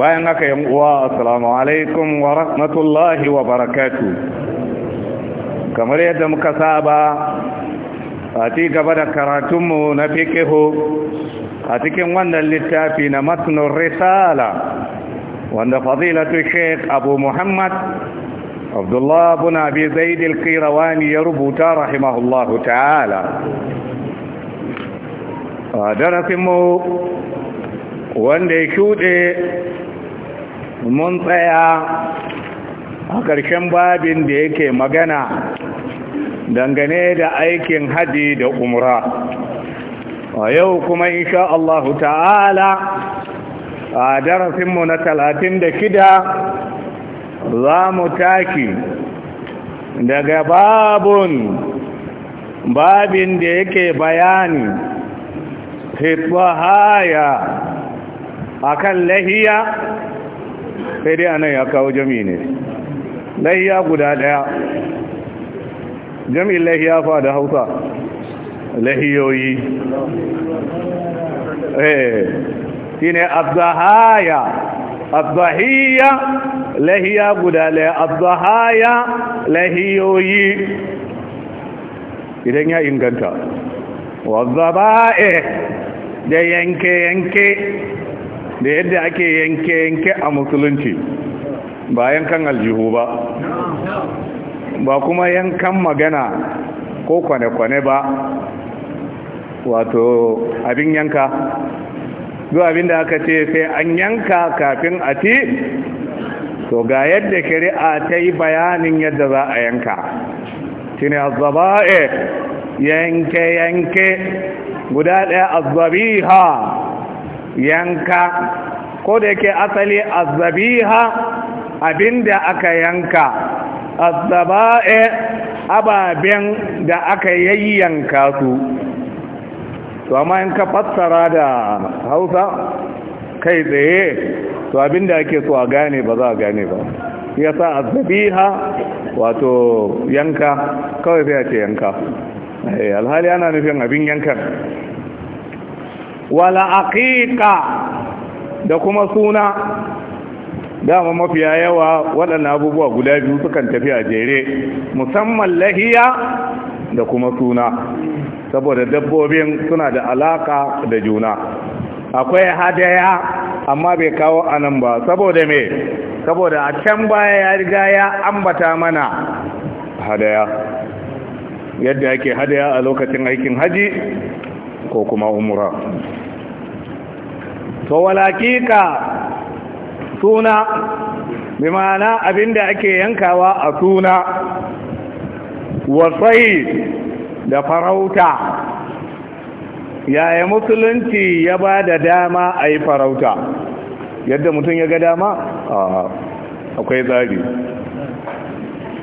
bayan haka yan uwa assalamu alaikum wa rahmatullahi wa barakatu kamar yadda muka saba a ci gaba da karatunmu na fikihu a cikin wannan littafi na matnun risala wanda fadilatu sheik abu muhammad abdullah bin abi zaid al-qirawani ya rubuta rahimahullahu ta'ala a darasinmu wanda ya shuɗe mun tsaya a ƙarshen babin da yake magana dangane da aikin haji da umra a yau kuma insha Allah ta'ala a darasinmu na talatin da shida za mu taki daga babun babin da yake bayani fitwa haya akan lahiya sai dai anan ya kawo jami ne lahiya guda daya Jami lahiya fa da hausa lahiyoyi eh shine Abzahaya. abdahiya lahiya guda daya abdahaya lahiyoyi idan ya inganta wazzaba'e da yanke-yanke da yadda ake yanke-yanke a musulunci ba yankan aljihu ba ba kuma yankan magana ko kwane-kwane ba wato abin yanka zuwa abin da aka ce sai an yanka kafin a ci to ga yadda shari'a ta yi bayanin yadda za a yanka shine a yanke-yanke guda ɗaya ha yanka ko da yake asali azabiha abinda aka yanka azaba'e ababen da aka yayyanka su to amma in ka fassara da hausa kai tsaye to abinda ake so a gane ba za a gane ba ya sa wato yanka kawai sai a ce yanka eh, alhali ana nufin abin yankan wala aqiqa da kuma suna dama mafiya yawa waɗannan abubuwa guda biyu sukan tafi a jere musamman lahiya da kuma suna saboda dabbobin suna da alaka da juna akwai hadaya amma bai kawo anan ba saboda me saboda a can baya ya riga ya ambata mana hadaya yadda ake hadaya a lokacin aikin haji ko kuma umura to walakika suna bi ma'ana abinda ake yankawa a suna wasai da farauta yaya musulunci ya ba da dama a yi farauta yadda mutum ya ga dama akwai Walhita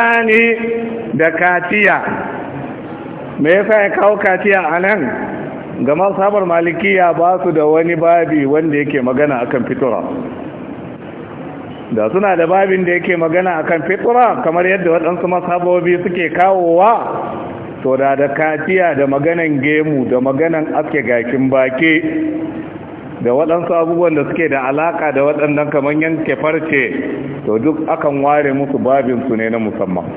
walhitani da katiya me yasa ya kawo katiya a nan gama sabar malikiya ba su da wani babi wanda yake magana akan fitura da suna da babin da yake magana akan fitura kamar yadda waɗansu masabobi suke kawowa to da da kaciya da maganan gemu da maganan aske gakin baki da waɗansu abubuwan da suke da alaka da waɗannan kamar yanke farce to duk akan ware musu babinsu ne na musamman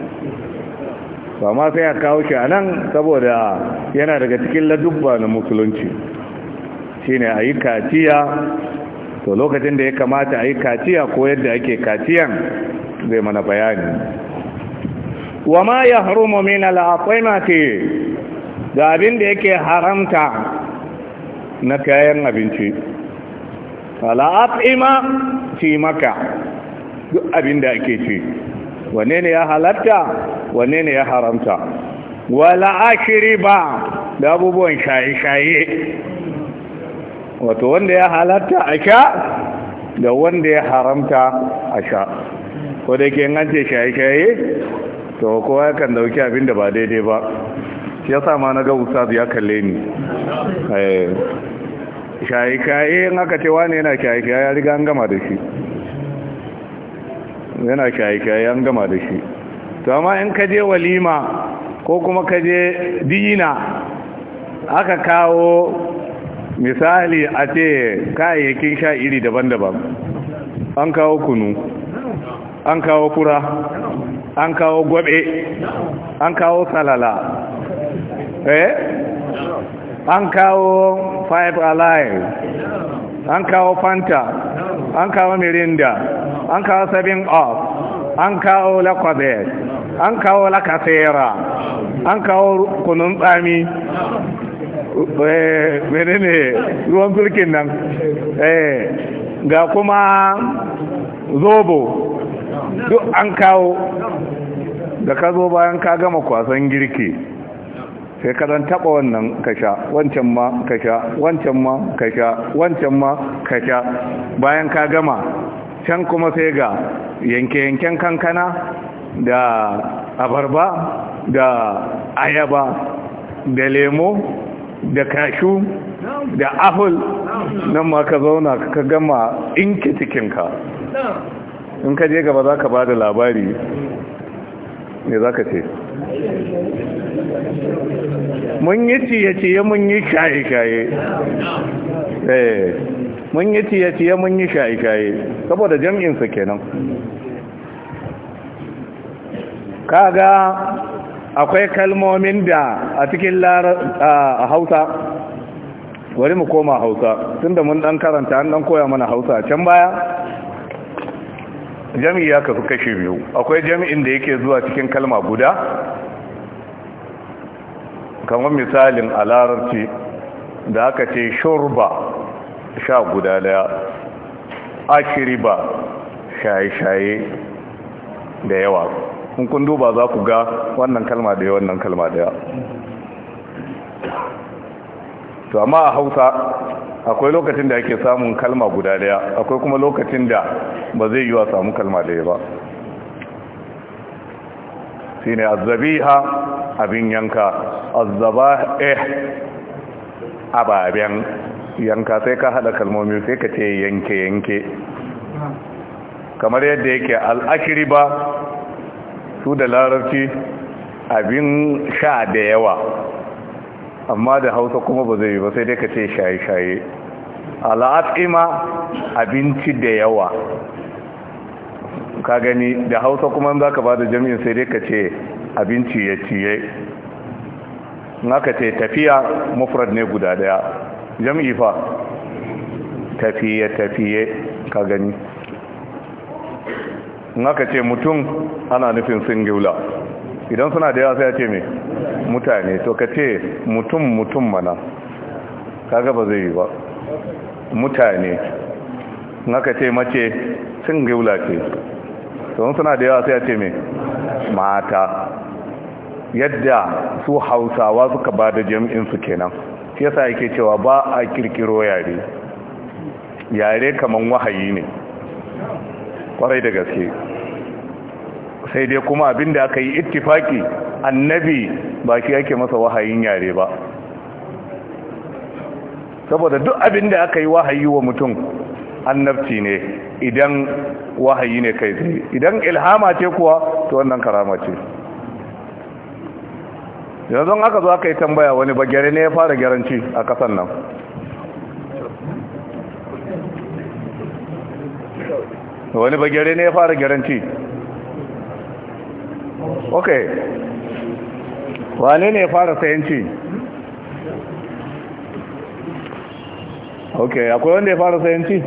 ba ma sai a kawo shi a nan saboda yana daga cikin ladubba na musulunci shine a yi kaciya to lokacin da ya kamata a yi kaciya ko yadda ake kaciyan zai mana bayani wa ma ya harumu min al'aqimati da abin da yake haramta na kayan abinci al'aqima ci maka duk abin da ake ci wanne ne ya halatta wanne ne ya haramta wala ashiri ba da abubuwan shaye-shaye wato wanda ya halatta a sha da wanda ya haramta a sha ko da ke ce shaye-shaye to kowa kan dauki abin da ba daidai ba ya sama na ga ustaz ya kalle ni eh, shaye-shaye in aka ce wane yana shaye-shaye ya riga an gama da shi yana shaye-shaye an gama da shi to amma in ka je walima ko kuma ka je dina aka kawo misali a ce kayayyakin sha iri daban-daban an kawo kunu an kawo kura, an kawo gwabe an kawo salala eh an kawo five alive an kawo fanta an kawo mirinda an kawo sabin of an kawo lakwabet an kawo lakasera an kawo kunun tsami eh, ne ruwan turkin nan eh, ga kuma zobo duk an kawo da ka zo bayan ka gama kwasan girki sai ka don taɓa wannan kasha wancan ma kasha wancan ma kasha wancan ma kasha bayan ka gama can kuma sai ga yanke-yanken kankana da abarba da ayaba da lemo da kashu da apple nan ma ka zauna ka gama inke cikinka in ka je gaba za ka ba da labari ne za ka ce mun yi ciye-ciye mun yi shaye-shaye eh. mun yi ciye-ciye mun yi shaye-shaye saboda jam'insa kenan kaga akwai kalmomin da a cikin hausa wari mu koma hausa tun da mun dan karanta an dan koya mana hausa can baya jami'i ya kafi kashe biyu akwai jami'in da yake zuwa cikin kalma guda kamar misalin a larabci da aka ce Shorba. sha guda daya ba shaye-shaye da yawa kun duba za ku ga wannan kalma daya wannan kalma daya to amma a hausa akwai lokacin da ake samun kalma guda daya akwai kuma lokacin da ba zai yi wa samu kalma daya ba shi ne azzabiha abin yanka azzaba eh ababen yanka sai ka hada kalmomi sai ka ce yanke yanke kamar yadda yake al'ashiri ba su da larabci abin sha da yawa amma da hausa kuma ba zai yi ba sai dai ka ce shaye-shaye al'atsima abinci da yawa ka gani da hausa kuma za ka ba da jami'in sai dai ka ce abinci ya ciye naka ce tafiya mufrad ne guda daya jam'i fa tafiye-tafiye ka gani naka ce mutum ana nufin singula idan suna da yawa sai ya ce mai mutane to ka ce mutum mutum mana kaga ba zai yi ba mutane naka ce mace singula ce don suna da yawa sai ya ce mai mata yadda su hausawa suka ba da su kenan shi yasa yake cewa ba a kirkiro yare yare kaman wahayi ne kwarai da gaske sai dai kuma abin da aka yi ittifaki annabi ba shi yake masa wahayin yare ba saboda duk abin da aka yi wahayi wa mutum annabci ne idan wahayi ne kai idan ilhama ce kuwa to wannan karama ce yanzu aka zo aka yi tambaya wani gyare ne ya fara gyaranci a kasan nan wani gyare ne ya fara gyaranci ok wane ne ya fara sayanci ok akwai wanda ya fara sayanci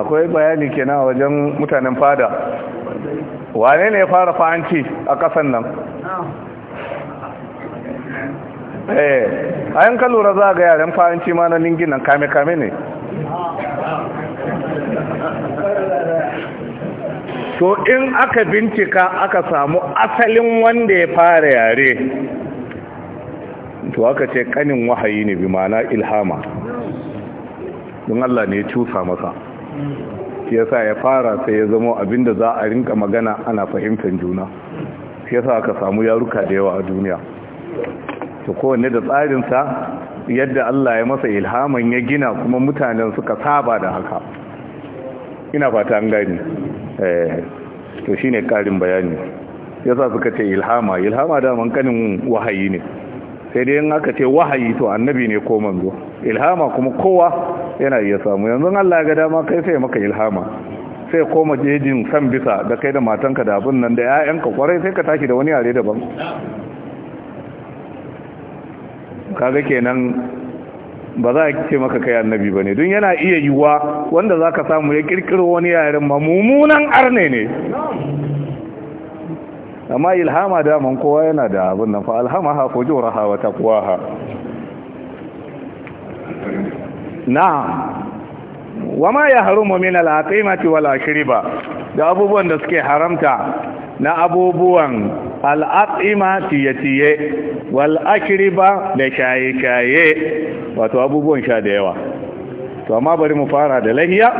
akwai bayani kenan wajen mutanen fada wane ne ya fara fahanci a kasan nan eh ayan ka lura za ga yaren fa'anci ma na ningin nan kame kame ne to in aka bincika aka samu asalin wanda ya fara yare to aka ce kanin wahayi ne bi mana ilhama don Allah ne ya cusa masa shi yasa ya fara sai ya zama abinda za a rinka magana ana fahimtar juna shi yasa aka samu yaruka da yawa a duniya to kowanne da tsarinsa yadda Allah ya masa ilhaman ya gina kuma mutanen suka saba da haka ina fata an gani eh, to shi ne ƙarin bayani ya sa suka ce ilhama ilhama da kanin wahayi ne sai dai in aka ce wahayi to annabi ne ko manzo ilhama kuma kowa yana iya samu yanzu Allah ya ga dama kai sai maka ilhama sai koma jejin san bisa da kai da matanka da abin nan da 'ya'yanka kwarai sai ka tashi da wani yare daban kaga kenan ba za a ce maka kai annabi ba ne don yana iya yiwuwa wanda za ka samu ya kirkiro wani yaren ma mummunan arne ne amma ilhama daman kowa yana da abin nan fa alhama ha ko jora ha wata kuwa ha na wama ya harumu min al-aqimati wal ashriba da abubuwan da suke haramta na abubuwan al'atsima tiye-tiye wal'akiriba da shaye-shaye wato abubuwan sha da yawa to amma bari mu fara da lahiya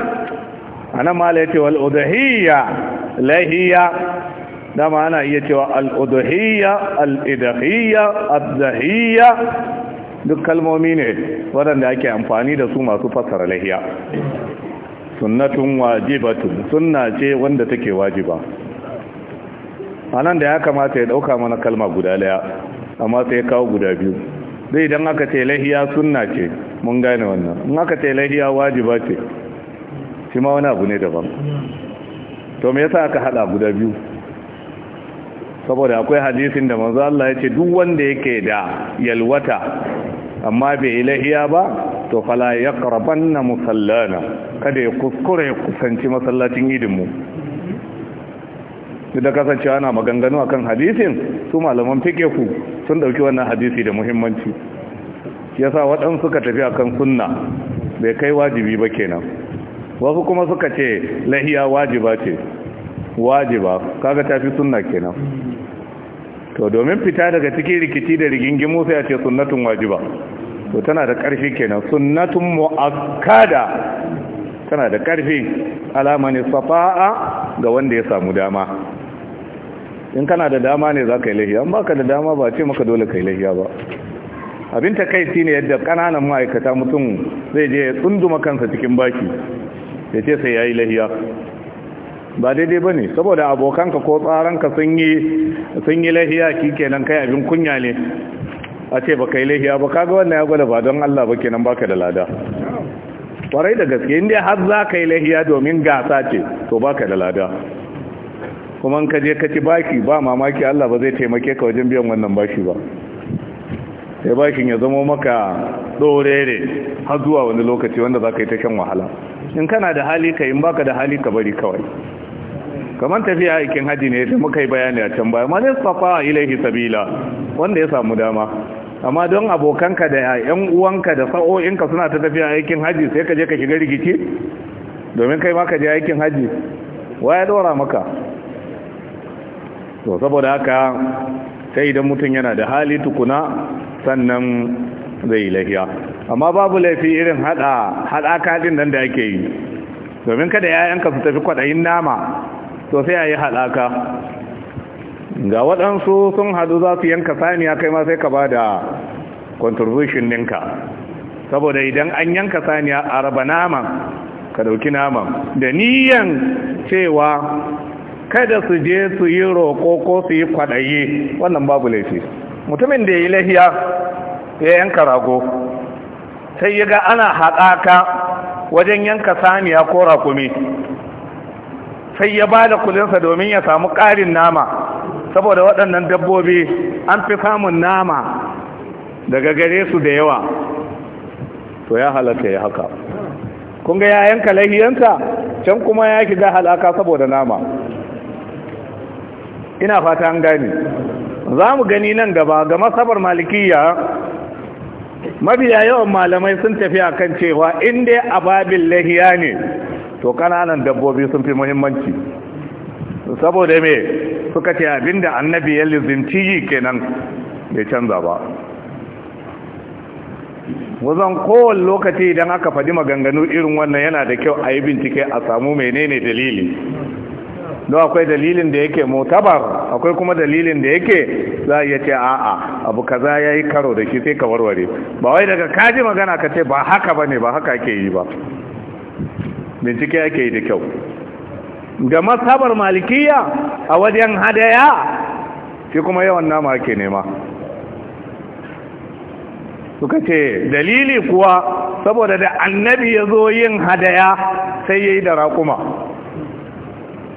a nan mala ya cewa al’udahiyya lahiya dama ana iya cewa al'udahiyya al'idahiyya al’adahiyya duk kalmomi ne waɗanda ake amfani da su masu fasara lahiya sunnatun wajibatun sunna ce wanda take wajiba a nan da ya kamata ya ɗauka mana kalma guda daya amma sai ya kawo guda biyu zai idan aka ce lahiya sunna ce mun gane wannan in aka ce lahiya wajiba ce shi ma wani abu ne daban to me yasa aka hada guda biyu saboda akwai hadisin da manzo Allah ya ce duk wanda yake da yalwata amma bai lahiya ba to fala yaqrabanna musallana kada ya kuskure kusanci masallacin idinmu Idan da kasancewa ana maganganu kan hadisin su malaman fike ku sun dauki wannan hadisi da muhimmanci yasa waɗansu suka tafi akan sunna bai kai wajibi ba kenan wasu kuma suka ce lahiya wajiba ce wajiba kaga tafi sunna kenan to domin fita daga cikin rikici da rigingimu sai ya ce sunnatun wajiba to tana da ƙarfi kenan sunnatun mu'akkada tana da ƙarfi alamani safa'a ga wanda ya samu dama in kana da dama ne za ka yi lahiya an baka da dama ba ce maka dole ka yi lahiya ba abin ta kai ne yadda ƙananan ma'aikata mutum zai je ya tsunduma kansa cikin baki ya ce sai ya yi lahiya ba daidai ba ne saboda abokanka ko tsaranka sun yi lahiya kenan kai abin kunya ne a ce ba ka yi lahiya ba ka ga wannan ya gwada ba don Allah ba kenan baka da lada kwarai da gaske inda har za ka yi lahiya domin gasa ce to ba ka da lada kuma ka je ka ci baki ba mamaki Allah ba zai taimake ka wajen biyan wannan bashi ba sai bashin ya zama maka dorere har zuwa wani lokaci wanda za ka yi ta shan wahala in kana da hali ka yi, in baka da hali ka bari kawai kamar tafiya aikin haji ne da muka yi bayani a can baya ma man istafa ilaihi sabila wanda ya samu dama amma don abokanka da yan uwanka da sa'o'inka suna ta tafiya aikin haji sai ka je ka shiga rikici domin kai ma ka je aikin haji ya dora maka to saboda haka sai idan mutum yana da hali tukuna sannan zai lahiya amma babu laifi irin hada hadaka din nan da ake yi domin kada yayanka su tafi kwadayin nama to sai ayi hadaka ga waɗansu sun haɗu za su yanka saniya kai ma sai ka ba da contribution ninka saboda idan an yanka saniya a raba naman ka ɗauki naman da niyan cewa kada su je su yi roƙo ko su yi kwaɗaye wannan babu laifi mutumin da ya yi lahiya ya yanka rago sai ya ga ana haɗaka wajen yanka saniya ko rakumi sai ya ba da kulinsa domin ya samu ƙarin nama saboda waɗannan dabbobi an fi samun nama daga gare su da yawa to ya halatta ya haka kun ga 'ya'yanka can kuma ya shiga halaka saboda nama ina fata an gani za mu gani nan gaba ga masabar malikiya mabiya yawan malamai sun tafi a kan cewa inda ababin lahiya ne to kananan dabbobi sun fi muhimmanci saboda me suka ce abinda annabi ya lizinci kenan bai canza ba wazan kowane lokaci idan aka faɗi maganganu irin wannan yana da kyau a yi bincike a samu menene dalili don akwai dalilin da yake motabar akwai kuma dalilin da yake za a iya ce a'a abu kaza ya yi karo da shi sai ka warware ba wai daga kaji magana ka ce ba haka ba ba haka ke yi ba bincike ake yi da kyau Da masabar malikiya a wajen hadaya shi kuma yawan nama ke nema suka ce dalili kuwa saboda da annabi ya zo yin hadaya sai ya yi da raƙuma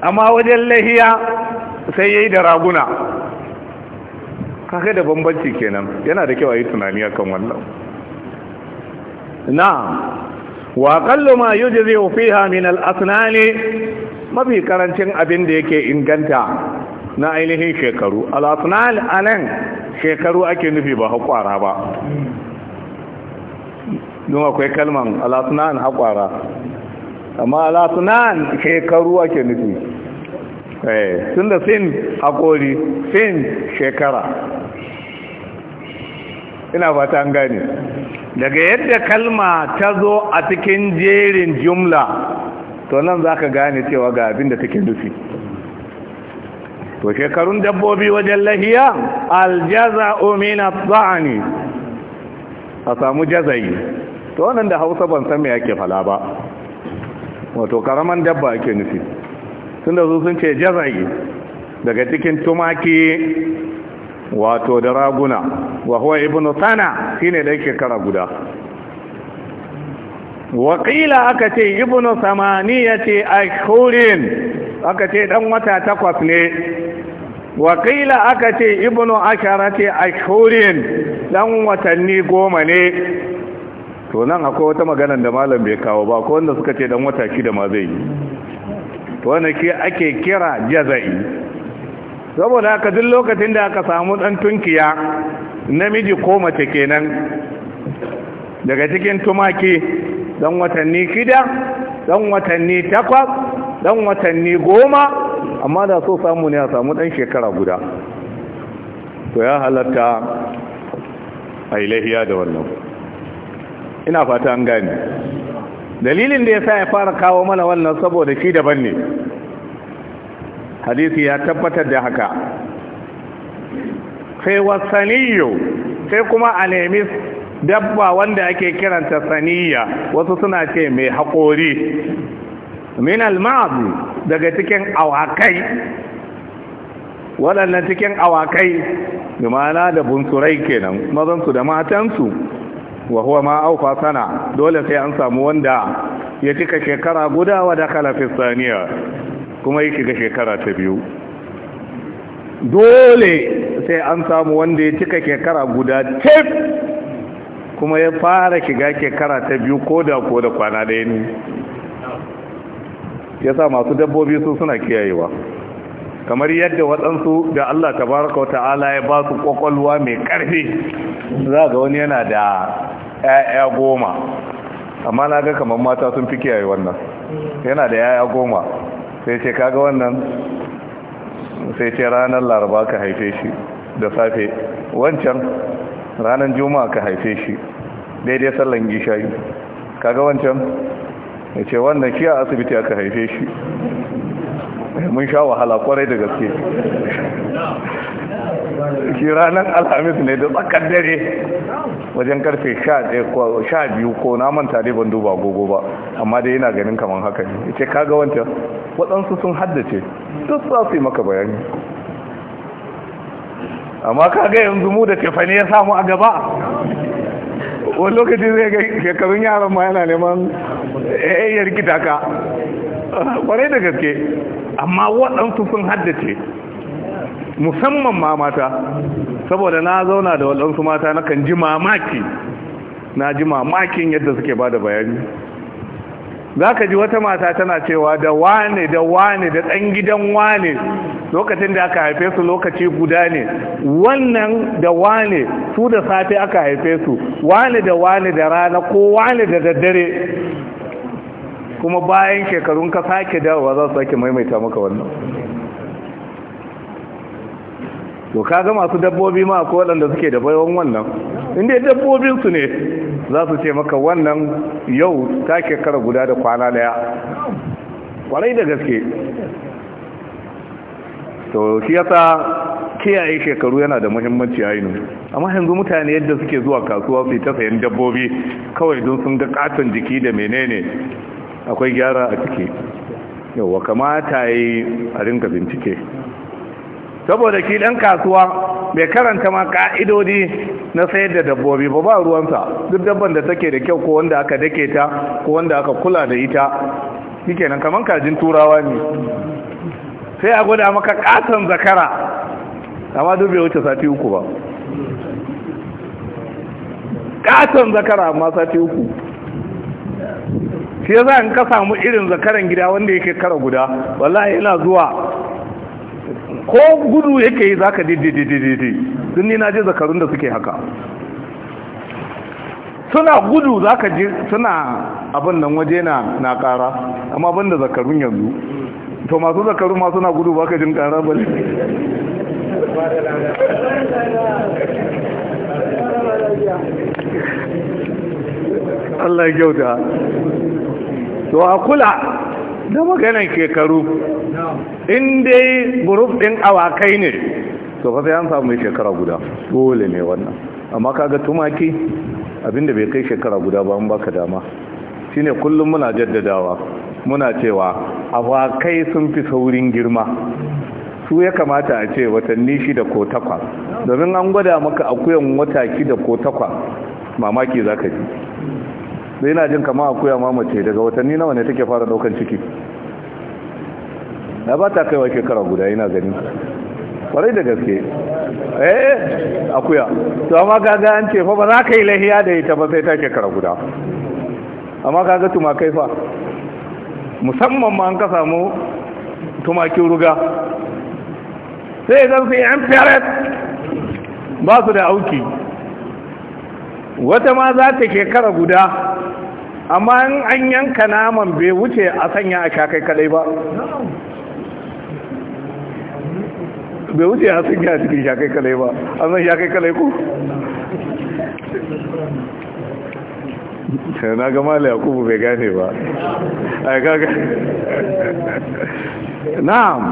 amma wajen lahiya sai ya yi da raguna kaka da bambanci kenan yana da kyau a yi tunani akan wannan na wa kallo ma yi jizewa fiha min ne? mafi karancin abin da yake inganta na ainihin shekaru alafinal a nan shekaru ake nufi ba haƙwara ba don akwai kalman alafinal haƙwara amma alafinal shekaru ake nufi sun eh, da sin haƙori sin shekara ina ba ta gane daga yadda kalma ta zo a cikin jerin jumla to nan za ka gane cewa ga abin da take nufi to shekarun dabbobi wajen lahiya aljaza omina tsa'ani a samu jazayi to wannan da hausa ban san me yake fala ba wato karaman dabba ake nufi sun da sun ce jazayi daga cikin tumaki wato da raguna wa huwa ibnu sana shine da yake kara guda waƙila aka ce ibnu samaniya ce a aka ce ɗan wata takwas ne waƙila aka ce ibnu ashara ce a ɗan watanni goma ne to nan akwai wata maganar da malam bai kawo ba ko wanda suka ce ɗan wata shida ma zai yi wanda ke ake kira jaza'i saboda haka duk lokacin da aka samu ɗan tunkiya namiji ko mace kenan daga cikin tumaki dan watanni shida dan watanni takwas dan watanni goma amma da so samu ne a samu dan shekara guda to ya halatta a ilahiya da wannan ina fata an gani dalilin da ya sa ya fara kawo mana wannan saboda shi daban ne hadisi ya tabbatar da haka sai wasaniyo sai kuma a nemi dabba wanda ake kiranta saniya wasu suna ce mai haƙori min alma'abu daga cikin awakai waɗannan cikin awakai da mana da bunsurai kenan mazansu da matansu wa huwa ma auka sana dole sai an samu wanda ya cika shekara guda wa da kalafin saniya kuma ya shiga shekara ta biyu dole sai an samu wanda ya cika shekara guda tef kuma ya fara shiga shekara ta biyu ko da ko da kwana ɗaya ne ya sa masu dabbobi su suna kiyayewa kamar yadda waɗansu da Allah Ta baraka wa ta'ala ya ba su ƙwaƙwalwa mai ƙarfi za ga wani yana da 'ya'ya goma amma na ga kamar mata sun fi kiyaye wannan yana da 'ya'ya goma sai ce kaga wannan sai ce ranar laraba ka haife shi da safe wancan ranar juma'a ka haife shi daidai sallan gishayi kaga wancan ya ce wannan shi a asibiti aka haife shi eh, mun sha wahala kwarai da gaske shi ranar alhamis ne da tsakar dare wajen karfe sha biyu ko na manta dai ban duba gogo ba amma dai yana ganin kamar haka ne ya ce kaga wancan waɗansu sun haddace duk sa su yi maka bayani amma kaga yanzu mu da tefani ya samu a gaba wani lokaci zai ga shekarun yaran ma yana neman eh, yayyar ka, kwarai da gaske amma waɗansu sun haddace musamman ma mata saboda na zauna da waɗansu mata na kan ji mamaki na ji mamakin yadda suke ba da bayani za ka ji wata mata tana cewa da wane da wane da ɗan gidan wane lokacin da aka haife su lokaci guda ne wannan da wane su da safe aka haife su wane da wane da rana ko wane da daddare kuma bayan shekarun ka sake dawowa za su sake maimaita maka wannan to kaga masu dabbobi ma ko waɗanda suke da bayan wannan inda dabbobinsu ne za su ce maka wannan yau ta kara guda da kwana daya kwarai da gaske to shi yasa kiyaye shekaru yana da muhimmanci ainihi amma yanzu mutane yadda suke zuwa kasuwa su ta sayan dabbobi kawai don sun ga katon jiki da menene akwai gyara a ciki Yau wa kamata yi a rinka bincike saboda ki dan kasuwa bai karanta ma ka'idodi na sayar da dabbobi ba ba ruwansa duk dabban da take da kyau ko wanda aka dake ta ko wanda aka kula da ita shikenan kaman kajin turawa ne sai a gwada maka katon zakara amma duk bai wuce sati uku ba katon zakara amma sati uku shi yasa in ka samu irin zakaran gida wanda yake kara guda wallahi yana zuwa ko gudu yake yi zaka didididididi sun ni na je zakarun da suke haka suna gudu zaka ji suna abin nan waje na na kara amma ban da zakarun yanzu to masu zakarun ma suna gudu baka jin kara ba Allah ya gauta to akula da maganan shekaru in dai guruf ɗin awakai ne to fa sai an samu mai shekara guda dole ne wannan amma kaga tumaki abinda bai kai shekara guda ba mun baka dama Shi ne kullum muna jaddadawa muna cewa awakai sun fi saurin girma su ya kamata a ce watanni shida ko takwa domin an gwada maka akuyan wata da ko takwa mamaki ka ji sai na jin kama akuya mamace daga watanni nawa ne take fara daukan ciki na ba ta kaiwa shekara guda yana gani kwarai da gaske eh akuya to amma kaga an ce fa ba za ka yi lahiya da ita ba sai ta shekara guda amma kaga tumakai fa musamman ma an ka samu tumakin ruga sai zan sai yan ferret ba su da auki wata ma za ta shekara guda amma an yanka naman bai wuce a sanya a shakai kadai ba bai wuce ya sun a cikin shakai kale ba an zan shakai kale ku na gama da yakubu bai gane ba yi kaga na'am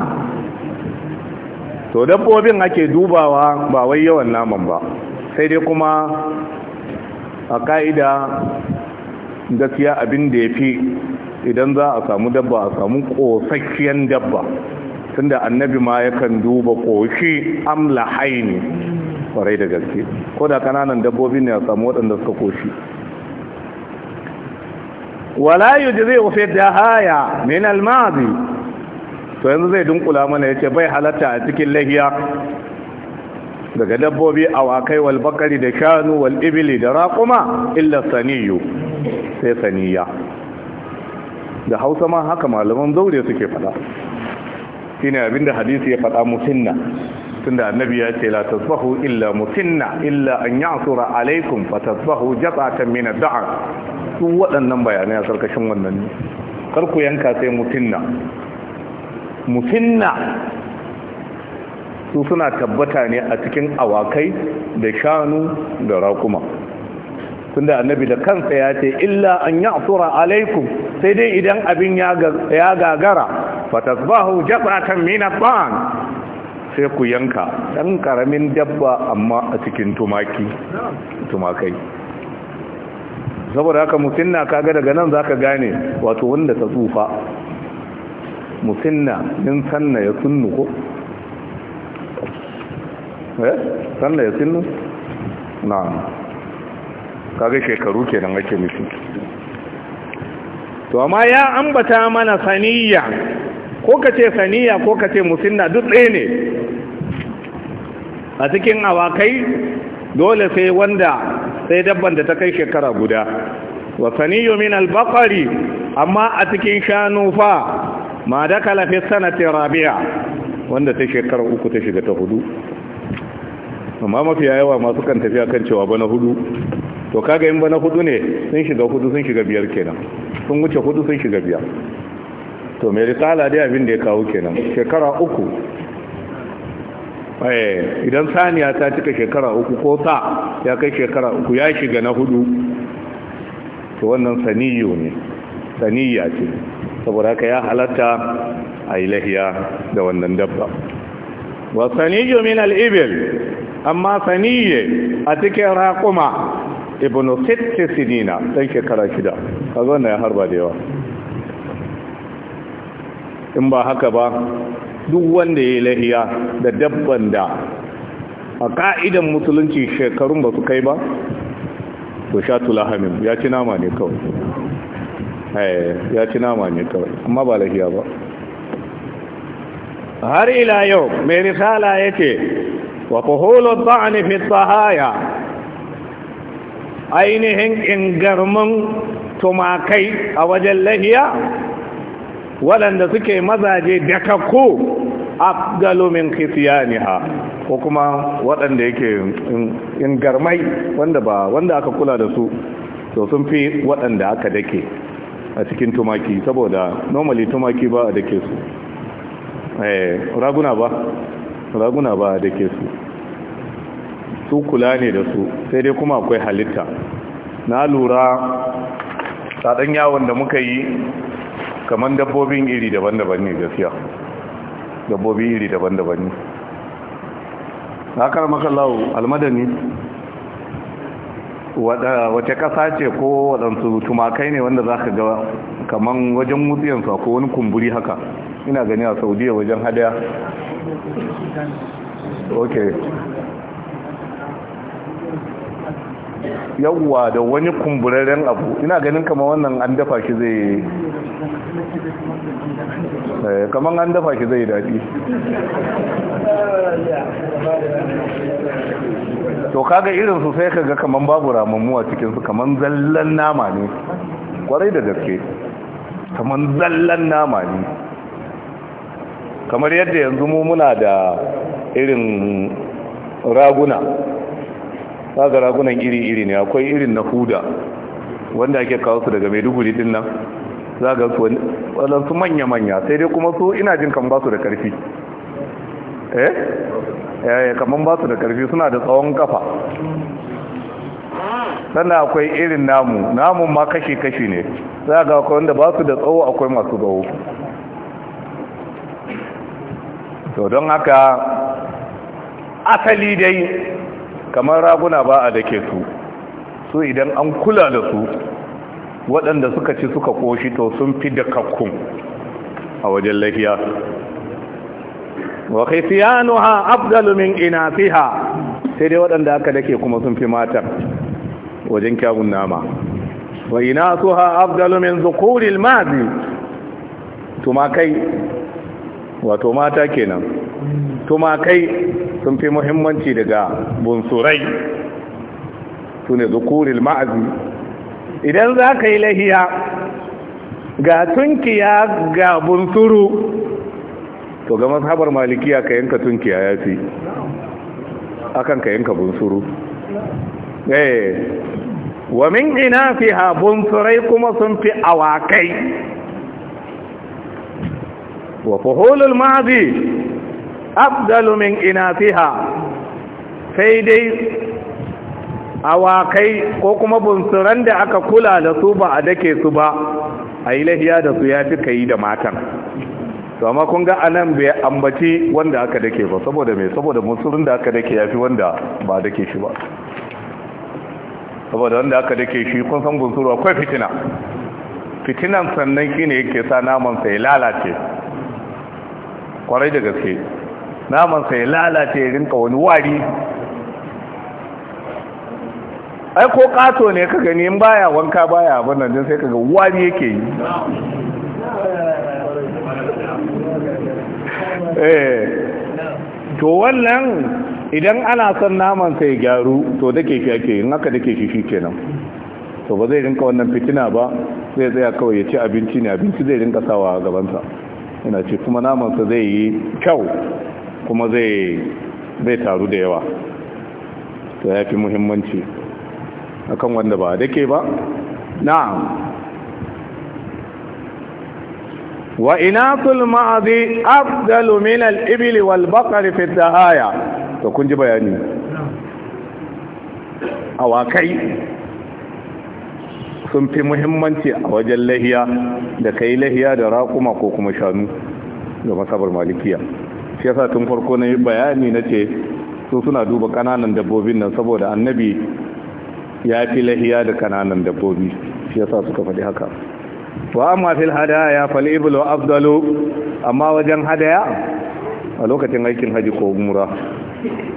to dabbobin ake dubawa ba wai yawan naman ba sai dai kuma a ka'ida gaskiya abin da ya fi idan za a samu dabba a samu kosakkiyar dabba tunda annabi ma yakan duba koshi amla haini kwarai da gaske ko da kananan dabbobi ne a samu waɗanda suka koshi wala zai da dahaya min al-madi to yanzu zai dunkula mana ya ce bai halatta a cikin lahiya daga dabbobi awakai wal bakari da shanu wal da raƙuma illa saniyu sai saniya da Hausa ma haka malaman zaure suke fada shine abinda hadisi ya faɗa musinna tunda annabi ya ce la tasbahu illa musinna illa an ya'sura alaikum fa tasbahu jabatan min ad-da'a duk waɗannan bayanai a sarkashin wannan ne kar yanka sai musinna musinna su suna tabbata ne a cikin awakai da shanu da rakuma tunda annabi da kansa ya ce illa an ya'sura alaikum sai dai idan abin ya gagara fatasbahu jaz'atan min at-tan sai ku yanka dan karamin dabba amma a cikin tumaki tumakai saboda haka musinna kaga daga nan zaka gane wato wanda ta tsufa musinna din sanna ya sunnu ko eh sanna ya sunnu na'am kaga shekaru kenan ake nufi to amma ya ambata mana saniya ko ka ce saniya ko ka ce musinna duk ɗaya ne a cikin awakai dole sai wanda sai dabban da ta kai shekara guda wa saniyo min albakari amma a cikin shanu fa ma da kalafi sanatin rabi'a wanda ta shekara uku ta shiga ta hudu amma mafi yawa masu kan tafiya kan cewa bana hudu to kaga yin bana hudu ne sun shiga hudu sun shiga biyar kenan sun wuce hudu sun shiga biyar to mai risala dai abin da ya kawo kenan shekara uku eh, idan saniya ta cika shekara uku ko sa ya kai shekara uku ya shiga na hudu to wannan saniyo ne saniya ce saboda ka ya halatta a ilahiya da wannan dabba wa saniyo min al'ibil amma saniye a cikin raƙuma ibn sittin sinina Dan shekara shida ka zo ya harba da yawa in ba haka ba duk wanda ya lahiya da dabban da a ka'idan musulunci shekarun ba su kai ba to sha tulahamin ya ci nama ne kawai eh, ya ci nama ne kawai amma ba lahiya ba har ila yau mai risala ya ce wa kuhulun ba'ani fi tsahaya ainihin ingarmin tumakai a wajen lahiya waɗanda suke mazaje daga ko afdalu min niha, ko kuma waɗanda yake in garmai wanda ba wanda aka kula da su to sun fi waɗanda aka dake a cikin tumaki saboda normally tumaki ba a dake su eh, raguna ba raguna ba a dake su su kula ne da su sai dai kuma akwai halitta na lura tsadan yawon da muka yi kamar dabbobin iri daban-daban ne gafiya, dabbobin iri daban-daban ne akar lau almadani wace ƙasa ce ko waɗansu tumakai ne wanda za ka ga kamar wajen mutsiyansa ko wani kumburi haka ina gani a saudiya wajen hadaya ok yawwa da wani kumburaren abu ina ganin kama wannan an dafa shi zai eh, kaman an dafa shi zai daɗi to kaga irin su sai kaga kaman babu ramammu a cikinsu kaman zallan nama ne kwarai da gaske kaman zallan nama ne kamar yadda yanzu mu muna da irin raguna kaga ragunan iri-iri ne akwai irin na huda wanda ake kawo su daga maiduguri din nan zaga su wadansu manya-manya sai dai kuma su ina jin kan basu da karfi eh eh kaman basu da karfi suna da tsawon kafa sannan akwai irin namu namun ma kashi-kashi ne zaga akwai wanda basu da tsawo akwai masu tsawo to don haka asali dai kamar raguna ba a dake su su idan an kula da su waɗanda suka ci suka koshi to sun fi da kakkun a wajen lafiya wa khisiyanuha afdalu min inasiha sai dai waɗanda aka dake kuma sun fi mata wajen kyawun nama wa inasuha afdalu min zukuril mazi tumakai wato mata kenan tumakai sun fi muhimmanci daga bunsurai su ne zukuril ma'azi idan za ka yi lahiya ga tunkiya ga bunsuru to ga mazhabar malikiya ka yanka tunkiya ya fi akan ka yanka bunsuru eh wa min ina fiha bunsurai kuma sun fi awakai wa fuhulul ma'azi afdalu min inafiha sai dai awakai ko kuma bunsuran da aka kula da su ba a dake su ba a yi lahiya da su ya fi ka yi da matan to amma kun ga anan bai ambaci wanda aka dake ba saboda mai saboda bunsurin da aka dake ya fi wanda ba dake shi ba saboda wanda aka dake shi kun san bunsuru akwai fitina fitinan sannan ne yake sa naman sai lalace kwarai da gaske namansa ya lalace ya rinka wani wari ai ko kato ne ka gani in baya wanka baya abin nan din sai kaga wari yake yi eh to wannan idan ana son naman sai gyaru to dake shi ake in haka dake shi kenan. to ba zai rinka wannan fitina ba zai tsaya kawai ya ci abinci ne abinci zai rinka sawa gabansa ina ce kuma namansa zai yi kyau kuma zai taru da yawa to ya fi muhimmanci akan wanda ba dake ba na'am wa inatul ma'azi afdalu min al wal baqar fi dahaya to kun ji bayani awakai sun fi muhimmanci a wajen lahiya da kai lahiya da raƙuma ko kuma shanu da masabar malikiya shi yasa tun farko na bayani na ce su suna duba kananan dabbobin nan saboda annabi ya fi lahiya da kananan dabbobi shi yasa suka faɗi haka wa amma fil hadaya fal iblu afdalu amma wajen hadaya a lokacin aikin haji ko umra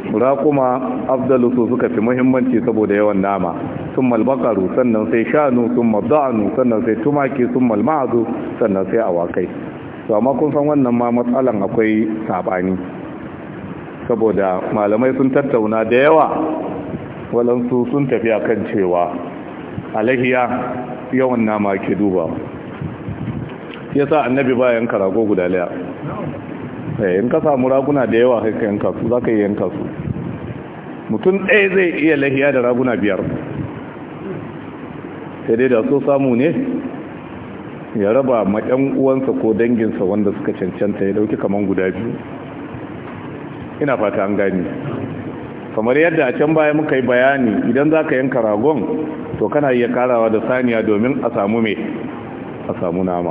umra kuma afdalu su suka fi muhimmanci saboda yawan nama sun malbakaru sannan sai shanu sun mabda'anu sannan sai tumaki sun malma'azu sannan sai awakai to amma kun san wannan ma matsalan akwai sabani saboda malamai sun tattauna da yawa walansu sun tafi akan cewa alahiya yawan nama ke duba yasa annabi ba yanka rago guda laya eh, in ka samu raguna da yawa kai ka yanka su za ka yanka su mutum ɗaya zai iya lahiya da raguna biyar sai dai da so samu ne ya raba ma uwansa ko danginsa wanda suka cancanta ya dauki kamar guda biyu ina fata an gani kamar yadda a can baya muka yi bayani idan za ka yanka ragon to kana iya karawa da saniya domin a samu mai a samu nama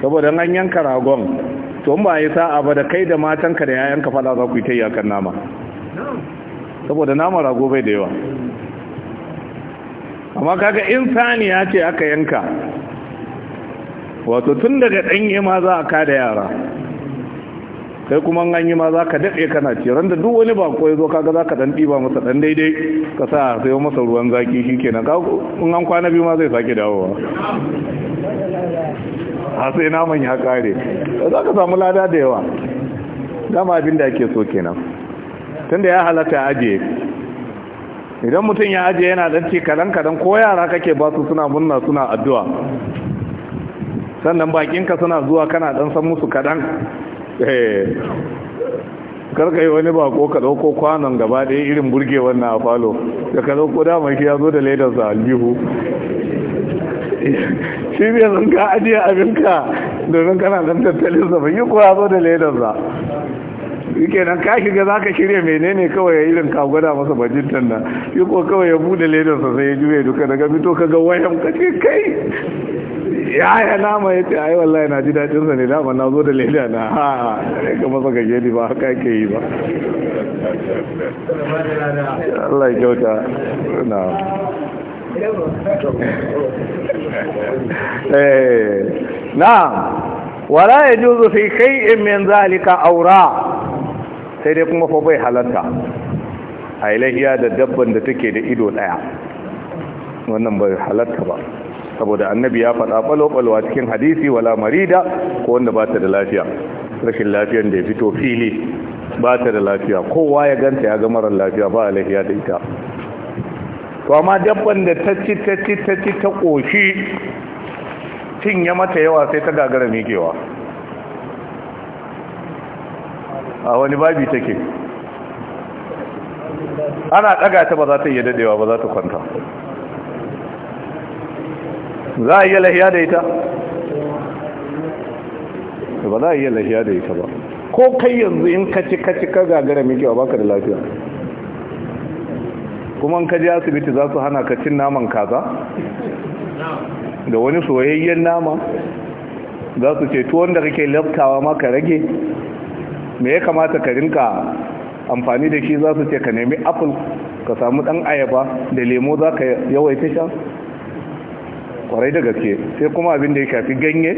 saboda an yanka ragon to ba yi sa'a ba da kai da matanka da yayanka fada za ku yi ta iyakar nama saboda nama rago bai da yawa amma kaga in saniya ce aka yanka wato tun daga ɗanye ma za a kada yara kai kuma an yi ma za ka daɗe kana ce Randa duk wani bako ya zo kaga za ka ɗan ɗiba masa ɗan daidai ka sa sai masa ruwan zaki shi kenan in an kwana biyu ma zai sake dawowa a sai naman ya kare za ka samu lada da yawa dama abin da ake so kenan tun da ya halatta ajiye idan mutum ya ajiye yana ɗan ce kadan kadan ko yara kake ba su suna murna suna addu'a sannan bakinka suna zuwa kana dan san musu kadan eh karkai wani bako ka dauko kwanon gaba ɗaya irin burge wannan a falo da ka dauko dama shi ya zo da ledar sa shi ne ka ajiye abinka domin kana dan tattalin sa yi kuwa zo da ledar yake nan ka shiga za ka shirya menene kawai ya yi ka gwada masa bajintan nan yi ko kawai ya bude ledarsa sai ya juya duka daga fito ka ga wayan ka ce kai ya ya nama ya ce ai wallahi na ji daɗinsa ne dama na zo da leda na ha ha ka masa ga gedi ba haka ke yi ba Allah ya kyauta na eh na'am wala yajuzu fi shay'in min zalika awra sai dai kuma fa bai halarta a ilahiya da dabban da take da ido daya wannan bai halarta ba saboda annabi ya faɗa falo-falo a cikin hadisi wala marida ko wanda ba ta da lafiya rashin lafiyan da ya fito fili ba ta da lafiya kowa ya ganta ya ga marar lafiya ba lafiya da ita to amma dabban da ta ci ta ci ta ci ta ƙoshi cin ya mata yawa sai ta gagara miƙewa a wani babi take ana daga ta ba za ta iya dadewa ba za ta kwanta za a iya lahiya da ita ba za a iya lahiya da ita ba ko kai yanzu in kaci kaci ka gagara ba baka da lafiya kuma ka je asibiti za su hana ka cin naman kaza da wani soyayyen nama za su ce tuwon da kake laftawa ma ka rage me ya kamata ka rinka amfani da shi za su ce ka nemi apple ka samu dan ayaba da lemo za ka yawaita sha kwarai da gaske sai kuma abin da ya shafi ganye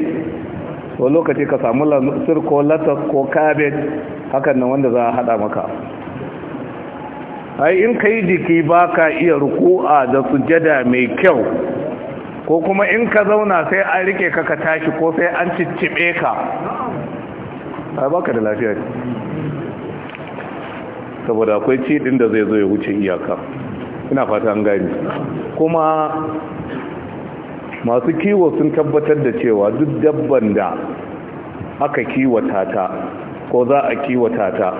wani lokaci ka samu lansir ko latas ko kabet hakan nan wanda za a hada maka ai in ka yi jiki ba ka iya ruku'a da sujada mai kyau ko kuma in ka zauna sai an rike ka ka tashi ko sai an cicciɓe ka a baka da lafiya ne saboda akwai din da zai zo ya wuce iyaka ina fata an gani kuma masu kiwo sun tabbatar da cewa duk dabban da aka kiwata ta ko za a kiwata ta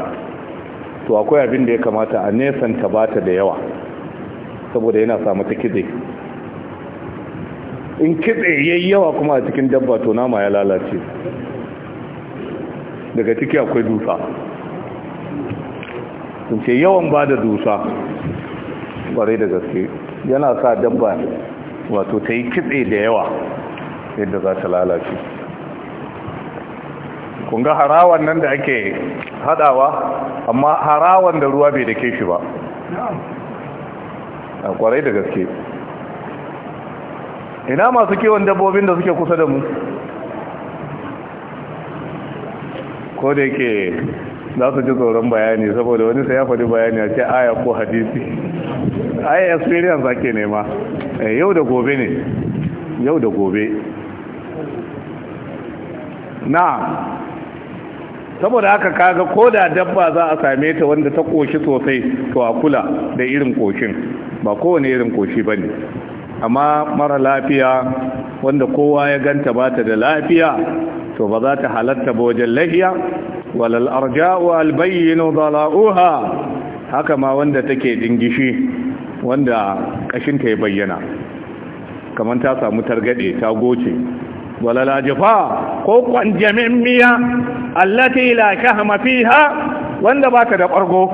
to akwai abin da ya kamata a nesanta ba ta da yawa saboda yana samu ta kitse in kitse yayi yawa kuma a cikin dabba to nama ya lalace daga ciki akwai dusa sun ce yawan ba da dusa ƙwarai da gaske yana sa dabba wato ta yi kitse da yawa yadda za ta lalace ƙunga harawan nan da ake hadawa amma harawan da ruwa bai da ke shi ba a kwarai da gaske ina masu kewan dabbobin da suke kusa da mu ko da yake za su ji tsoron bayani saboda wani sai ya faɗi bayani a ce aya ko hadisi aya experience ake nema eh, yau da gobe ne yau da gobe na saboda haka kaga ko da dabba za a same ta wanda ta koshi sosai to a kula da irin koshin ba kowane irin koshi ba ne amma mara lafiya wanda kowa ya ganta ba ta da lafiya to ba za ta halatta ba wajen lahiya walal arja'u albayyinu dala'uha haka ma wanda take dingishi wanda kashinta ya bayyana kamar ta samu targade ta goce walal ajfa ko kwanjamin miya allati la kahma fiha wanda baka da bargo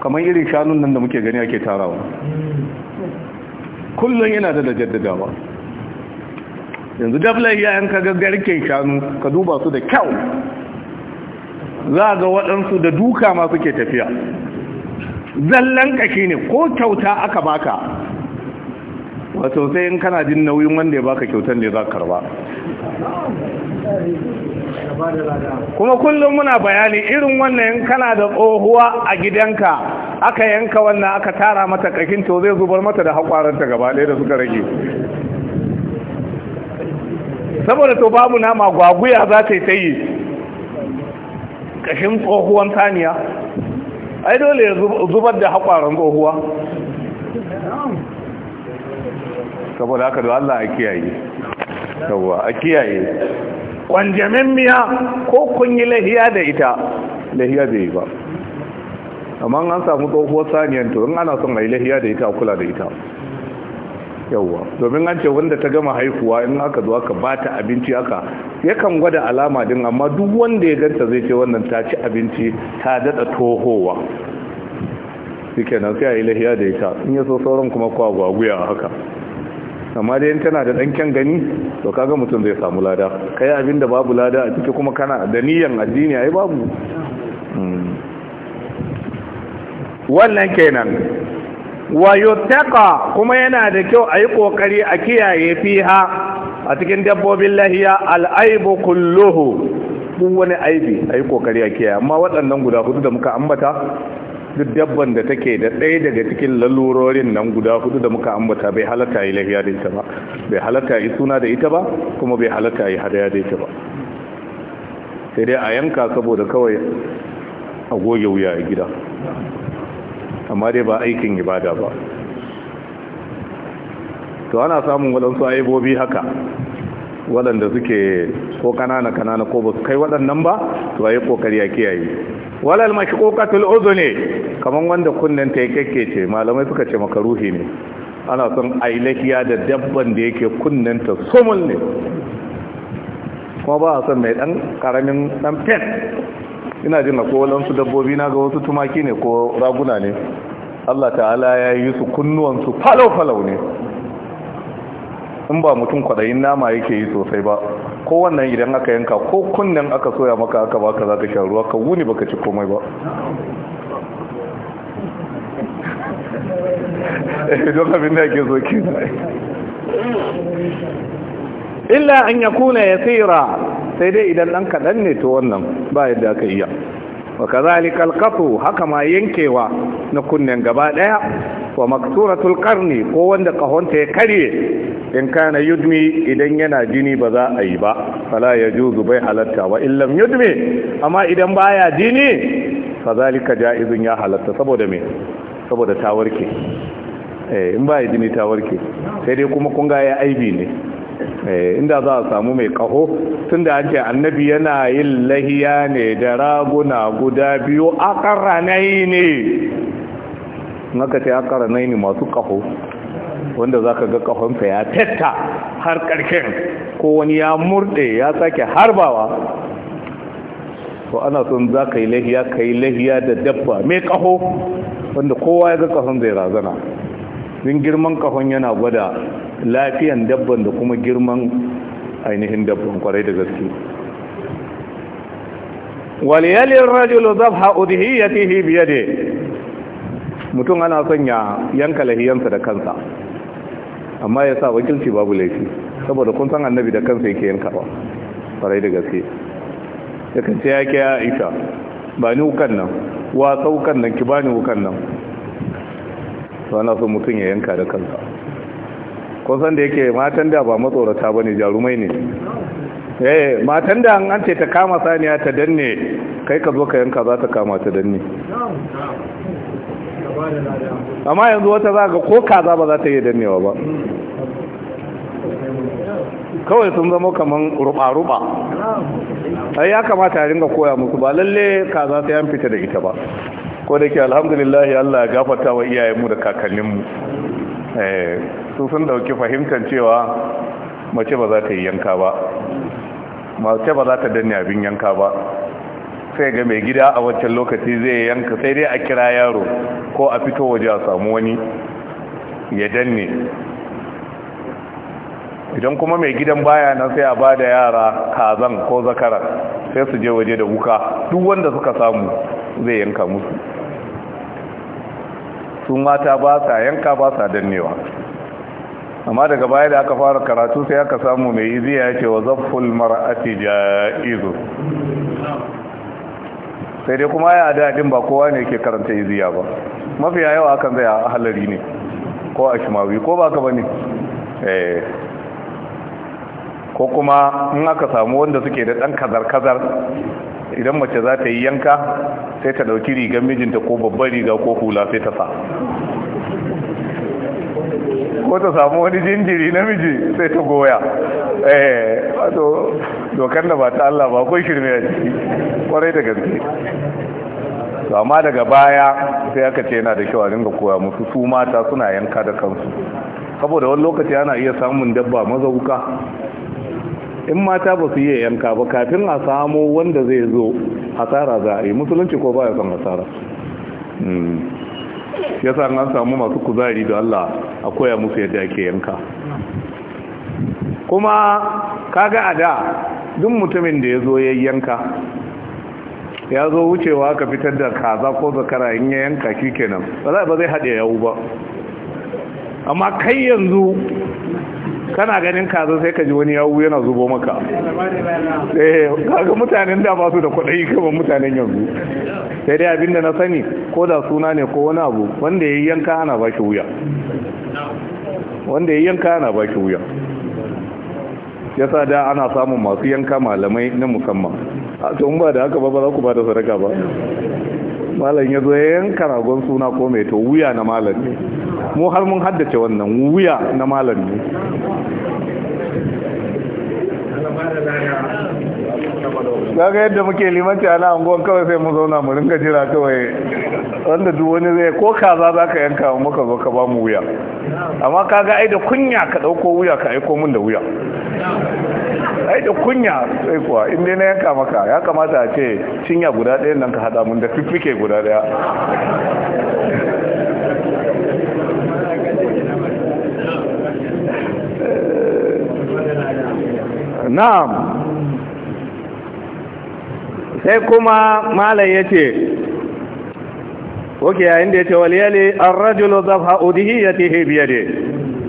kamar irin shanun nan da muke gani ake tarawa kullun yana da jaddadawa yanzu dablan yayan ka garken shanu ka duba su da kyau za ga waɗansu da duka ma suke tafiya zallan kashi ne ko kyauta aka baka wato sai in kana jin nauyin wanda ya baka kyautar ne za ka karba kuma kullum muna bayani irin wannan in kana da tsohuwa a gidanka aka yanka wannan aka tara mata kakin to zai zubar mata da haƙwaranta gaba ɗaya da suka rage saboda to babu nama gwaguya za ta yi ta yi ƙashin tsohuwan saniya ai dole zubar da haƙwaron tsohuwa saboda haka da Allah a kiyaye saboda a kiyaye ƙwanjamin miya ko kun yi lahiya da ita lahiya da yi ba amma an samu tsohuwar saniyan to in ana son a yi lahiya da ita a kula da ita yawwa domin an ce wanda ta gama haihuwa in aka zo ba ta abinci haka yakan gwada alama din amma duk wanda ya ganta zai ce wannan ta ci abinci ta dada tohowa shike nan sai a yi lahiya da ita in ya so sauran kuma kwagwaguya haka amma dai tana da ɗanken gani to kaga mutum zai samu lada kai abin da babu lada a ciki kuma kana da niyan addini yi babu hmm. wannan kenan wa yuttaqa kuma yana da kyau a yi a kiyaye fiha a cikin dabbobin lahiya al'aibu kulluhu duk wani aibi a kokari a kiyaye amma waɗannan guda hudu da muka ambata duk dabban da take da ɗaya daga cikin lalurorin nan guda hudu da muka ambata bai halatta yi lahiya da ita ba bai halatta yi suna da ita ba kuma bai halatta yi hadaya da ita ba sai dai a yanka saboda kawai a goge wuya a gida amma dai ba aikin ibada ba to ana samun waɗansu aibobi haka waɗanda suke ko kanana-kanana ko ba su kai waɗannan ba to a yi ƙoƙari a kiyaye walal mashiƙoƙatul uzu ne kamar wanda kunnen ta ya ce malamai suka ce makaruhi ne ana son a da dabban da yake kunnen ta sumul ne kuma ba a son mai ɗan ƙaramin ɗan fet ina jin ko walansu dabbobi na ga wasu tumaki ne ko raguna ne Allah ta'ala ya yi su kunnuwansu falau-falau ne in ba mutum kwaɗayin nama yake yi sosai ba ko wannan idan aka yanka ko kunnen aka soya maka aka baka za ka sha ruwa ka wuni baka ci komai ba don abin da ke so illa an yakuna yasira sai dai idan dan kadan ne to wannan ba yadda aka iya wa kadhalika alqatu haka ma yankewa na kunnen gaba daya wa makturatul qarni ko wanda kahonta ya karye in kana yudmi idan yana jini ba za a yi ba fala yajuzu bai halatta wa illam yudmi amma idan baya jini kadhalika jaizun ya halatta saboda me saboda ta eh in baya jini ta warke sai dai kuma kun ga ya aibi ne Eh, inda za a samu mai kaho tun da ake annabi yana yin lahiya ne da raguna guda biyu a karanai ne naka ce a karanai ne masu kaho wanda za ka ga kahonsa ya tetta har karken ko wani ya murde ya sake harbawa to ana son za ka yi lahiya ka yi lahiya da dabba mai kaho wanda kowa ya ga kahon zai razana din girman kahon yana gwada lafiyan dabban da kuma girman ainihin dabban kwarai da gaske waliyalin rajulu tihi, udhiyatihi biyade mutum ana son ya yanka lahiyansa da kansa amma ya sa wakilci babu laifi saboda kun san annabi da kansa yake ba, kwarai da gaske ya kance ya ke aisha ba ni wukan nan wasa wukan nan ki ba ni wukan nan to ana son mutum ya yanka da kansa kun san da yake matan da ba matsorata ba ne jarumai ne eh matan da an ce ta kama saniya ta danne kai ka zo ka yanka za ta kama ta danne amma yanzu wata za ga ko kaza ba za ta iya dannewa ba kawai sun zama kaman ruba-ruba ai ya kamata a ringa koya musu ba lalle kaza sai an fita da ita ba ko da ke alhamdulillahi Allah ya gafarta wa iyayenmu da kakanninmu eh su sun dauki fahimtar cewa mace ba za ta yi yanka ba mace ba za ta danne abin yanka ba sai ga mai gida a wancan lokaci zai yanka sai dai a kira yaro ko a fito waje a samu wani ya danne idan kuma mai gidan baya nan sai a ba da yara kazan ko zakara sai su je waje da wuka duk wanda suka samu zai yanka musu sun mata ba sa yanka ba sa dannewa amma daga baya da aka fara karatu sai aka samu mai iziya ya ce wa zafful mar'ati ja'izu sai dai kuma ya daɗin ba kowa ne ke karanta iziya ba mafi yawa akan zai a halari ne ko a shimawi ko ba ka ba ne eh. ko kuma in aka samu wanda suke da ɗan kazar-kazar idan mace za ta yi yanka sai ta ɗauki rigar mijinta ko babbar riga ko hula sai ta sa ko ta samu wani jinjiri namiji sai ta goya eh wato dokar da ba ta Allah ba akwai shirme a ciki kwarai da gaske to amma daga baya sai aka ce yana da kyau a dinga koya musu su mata suna yanka da kansu saboda wani lokaci ana iya samun dabba mazauka in mata ba su iya yanka ba kafin a samo wanda zai zo hasara za a yi musulunci ko ba ya hasara hmm. yasa an samu masu kuzari da Allah a koya musu yadda ake yanka kuma kaga a da duk mutumin da ya zo ya yanka ya zo wucewa ka fitar da kaza ko zakara in ya yanka shi kenan ba zai haɗe yawu ba amma kai yanzu kana ganin kaza sai ka ji wani yawu yana zubo maka eh kaga mutanen da ba su da kudi kamar mutanen yanzu sai dai abinda na sani ko da suna ne ko wani abu wanda yayi yanka ana ba shi wuya wanda yayi yanka ana baki wuya yasa da ana samun masu yanka malamai na musamman To in ba da haka ba ba za ku ba da sadaka ba malam ya zo ya yanka ragon suna ko mai to wuya na malam ne mu har mun haddace wannan wuya na malam ne kaga yadda muke limanci ana anguwan kawai sai mu zauna mu ringa jira kawai wanda duk wani zai ko kaza za ka yanka mu muka zo ka ba mu wuya amma kaga ai da kunya ka ɗauko wuya ka aiko mun da wuya ai da kunya sai kuwa in dai na yanka maka ya kamata a ce cinya guda ɗaya nan ka haɗa mun da fiffike guda ɗaya na'am sai kuma malam yace oke yayin da ya yace waliyali ar ya ya udhiyatihi biya ne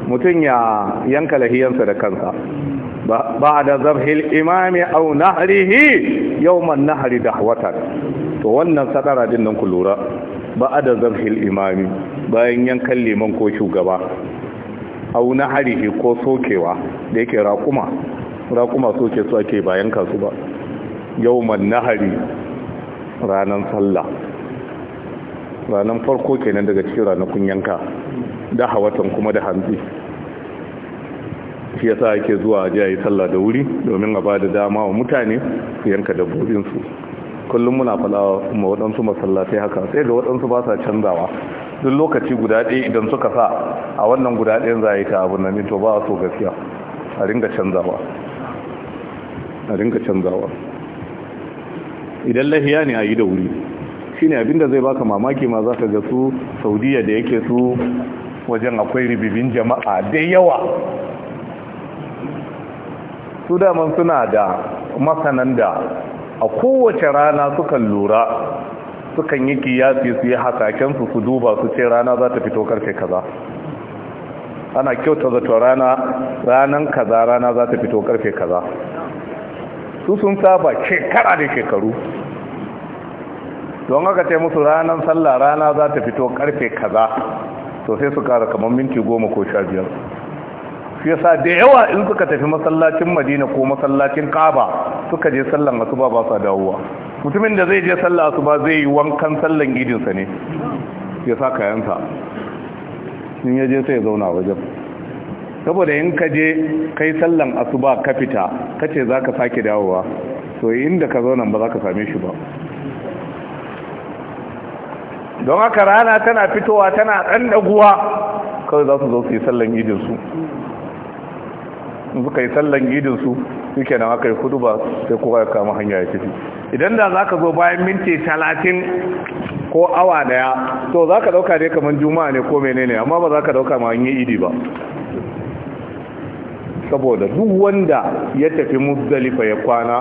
Mutum ya yanka lahiyansa da kansa Ba da dhabhil imami aw nahrihi yawm nahari da dahwatan to wannan sadara din nan ku lura Ba a da dhabhil imami bayan yankan liman ko shugaba na harihi ko sokewa da yake rakuma raquma soke su ake bayan kasu ba yawman nahari ranan sallah ranan farko kenan daga cikin ranakun yanka da hawatan kuma da hanzi shi yasa ake zuwa a yi sallah da wuri domin a ba da dama wa mutane su yanka dabbobinsu kullum muna faɗa ma waɗansu masallatai haka sai ga waɗansu ba sa canzawa duk lokaci guda ɗaya idan suka sa a wannan guda ɗayan za a yi ta abu na to ba a so gaskiya a ringa canzawa idan lahiya ne a yi da wuri shi ne abinda zai baka mamaki ma za ka ga su saudiya da yake su wajen akwai ribibin jama'a da yawa su daman suna da masanan da a kowace rana sukan lura sukan yi kiyasi su yi hasakensu su duba su ce rana za ta fito karfe kaza ana kyauta zato rana ranan kaza rana za ta fito karfe kaza su sun saba shekara da shekaru don aka ce musu ranar sallah rana za ta fito karfe kaza to sai su kara kamar minti goma ko sha biyar shi yasa da yawa in suka tafi masallacin madina ko masallacin kaba suka je sallan asuba ba sa dawowa mutumin da zai je sallah ba zai yi wankan sallan gidinsa ne ya sa kayansa in ya je sai zauna wajen saboda in ka je kai sallan asuba ka fita kace zaka sake dawowa to inda ka zo nan ba zaka same shi ba don haka rana tana fitowa tana ɗan ɗaguwa kawai za su zo su yi sallan idinsu suka yi sallan idinsu suke nan aka yi kudu ba sai kowa ya kama hanya ya tafi idan da za ka zo bayan minti talatin ko awa daya to za ka ɗauka ne kamar juma'a ne ko menene amma ba za ka ɗauka ma an yi idi ba saboda duk wanda ya tafi muzdalifa ya kwana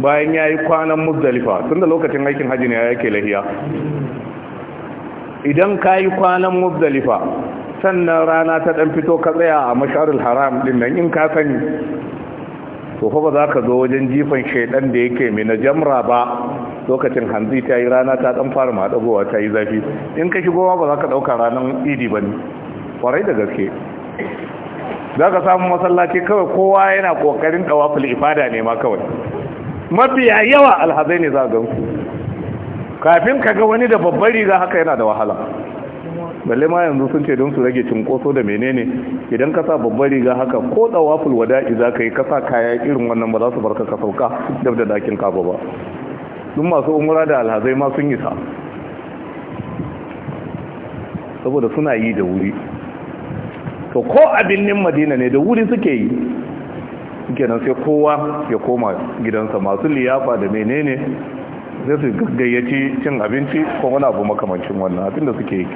bayan ya yi kwanan muzdalifa tun da lokacin aikin hajji ne ya yake lahiya idan ka yi kwanan muzdalifa sannan rana ta ɗan fito ka tsaya a masharar haram ɗin nan in ka sani to fa ba za ka zo wajen jifan shaidan da yake mai na jamra ba lokacin hanzi ta yi rana ta ɗan fara maɗagowa ta yi zafi in ka shigo ba za ka ɗauka ranar idi ba ne ƙwarai da gaske za ka samu masallaci kawai kowa yana kokarin dawaful ifada ne ma kawai mafiya yawa alhazai ne za gan gansu. kafin ka ga wani da babbar riga haka yana da wahala balle ma yanzu sun ce don su rage cinkoso da menene idan ka sa babbar riga haka ko dawaful wada'i za ka yi ka kaya irin wannan ba za su barka ka sauka dab da dakin kafa ba duk masu umura da alhazai ma sun yi sa saboda suna yi da wuri to ko a birnin madina ne da wuri suke yi kenan sai kowa ya koma gidansa masu liyafa da menene zai su gayyaci cin abinci ko wani abu makamancin wannan abinda suke yi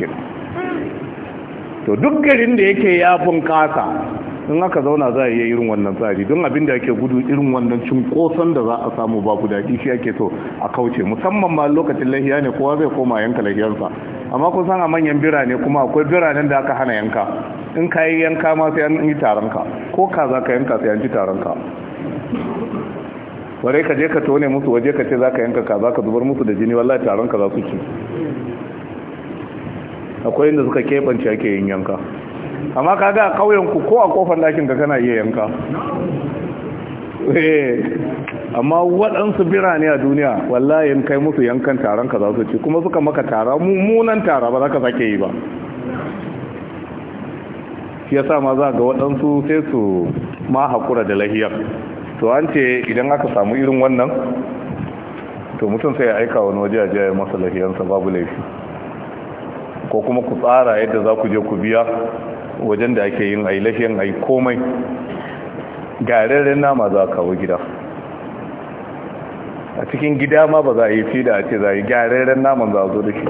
to duk garin da yake ya kasa in aka zauna za a iya irin wannan tsari don abin da ake gudu irin wannan cunkoson da za a samu ba daɗi shi ake so a kauce musamman ma lokacin lahiya ne kowa zai koma yanka lahiyarsa amma kun san a manyan birane kuma akwai biranen da aka hana yanka in ka yi yanka ma sai an yi taron ka ko ka za ka yanka sai an ji taron ka ka je ka tone musu waje ka ce za ka yanka ka za ka zubar musu da jini wallahi taron ka za su ci akwai inda suka keɓance ake yin yanka amma kaga a kauyen ku ko a kofar ɗakin ka kana iya yanka eh, amma waɗansu birane a duniya wallahi in kai musu yankan taron ka za su ci kuma suka maka tara mummunan tara ba za ka sake yi ba shi ya sa ma za ga waɗansu sai su ma haƙura da lahiyar to an ce idan aka samu irin wannan to mutum sai ya aika wani waje a jaya masa lahiyansa babu laifi ko kuma ku tsara yadda za ku je ku biya wajen da ake yin ai ai komai gararren nama za a kawo gida a cikin gida ma ba za a yi fi da a ce za a yi gararren naman za a zo da shi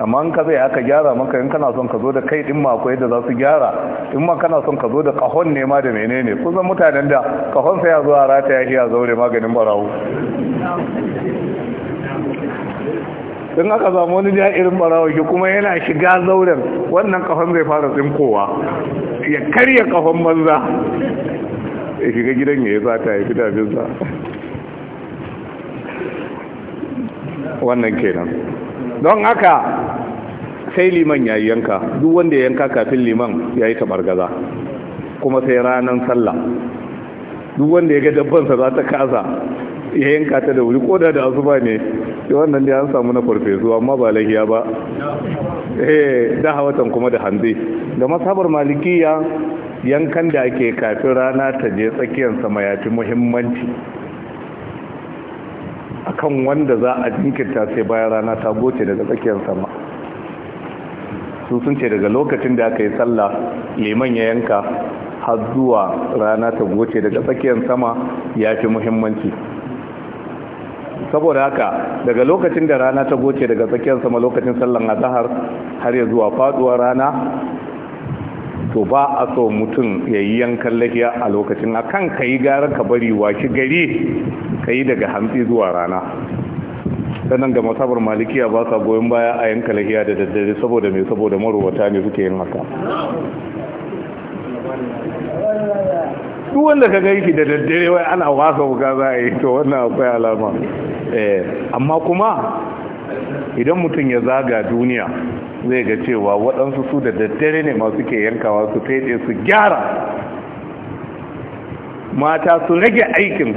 amma in ka zai aka gyara maka in kana son ka zo da kai din mako akwai da za su gyara in ma kana son ka zo da kahon ne ma da menene kusan mutanen da kahon sai ya zo a rataya shi ya zaure maganin barawo don aka zama wani ja'irin barawaki kuma yana shiga zauren wannan kafan zai fara tsinkowa ya karya kafan manza, ya shiga gidan ya yi zata ya fi dafinsa wannan kenan don haka sai liman ya yi yanka duk wanda ya yanka kafin liman ya yi gaza, kuma sai ranar sallah duk wanda ya ga dabbansa za ta kasa ya yanka ta da wuri koda da asuba ne da wannan dai an samu na farfesu amma ba lahiya ba eh da hawatan kuma da hanzi da masabar malikiya yankan da ake kafin rana ta je tsakiyar sama ya fi muhimmanci akan wanda za a jinkirta sai bayan rana ta goce daga tsakiyar sama su sun ce daga lokacin da aka yi sallah liman ya yanka har zuwa rana ta goce daga tsakiyar sama ya fi muhimmanci saboda haka daga lokacin da rana ta goce daga tsakiyar sama lokacin sallan azahar har ya zuwa faduwar rana to ba a so mutum ya yi yankan lahiya a lokacin akan ka yi gara ka bari washe gari ka yi daga hantsi zuwa rana sannan ga masabar malikiya ba sa goyon baya a yanka lahiya da daddare saboda mai saboda marowata ne suke yin haka duk wanda ka ganshi da daddare wai ana wasa wuka za a yi to wannan akwai alama eh, amma kuma idan mutum ya zaga duniya zai ga cewa waɗansu su da daddare ne masu ke yankawa su fede su gyara mata su rage aikin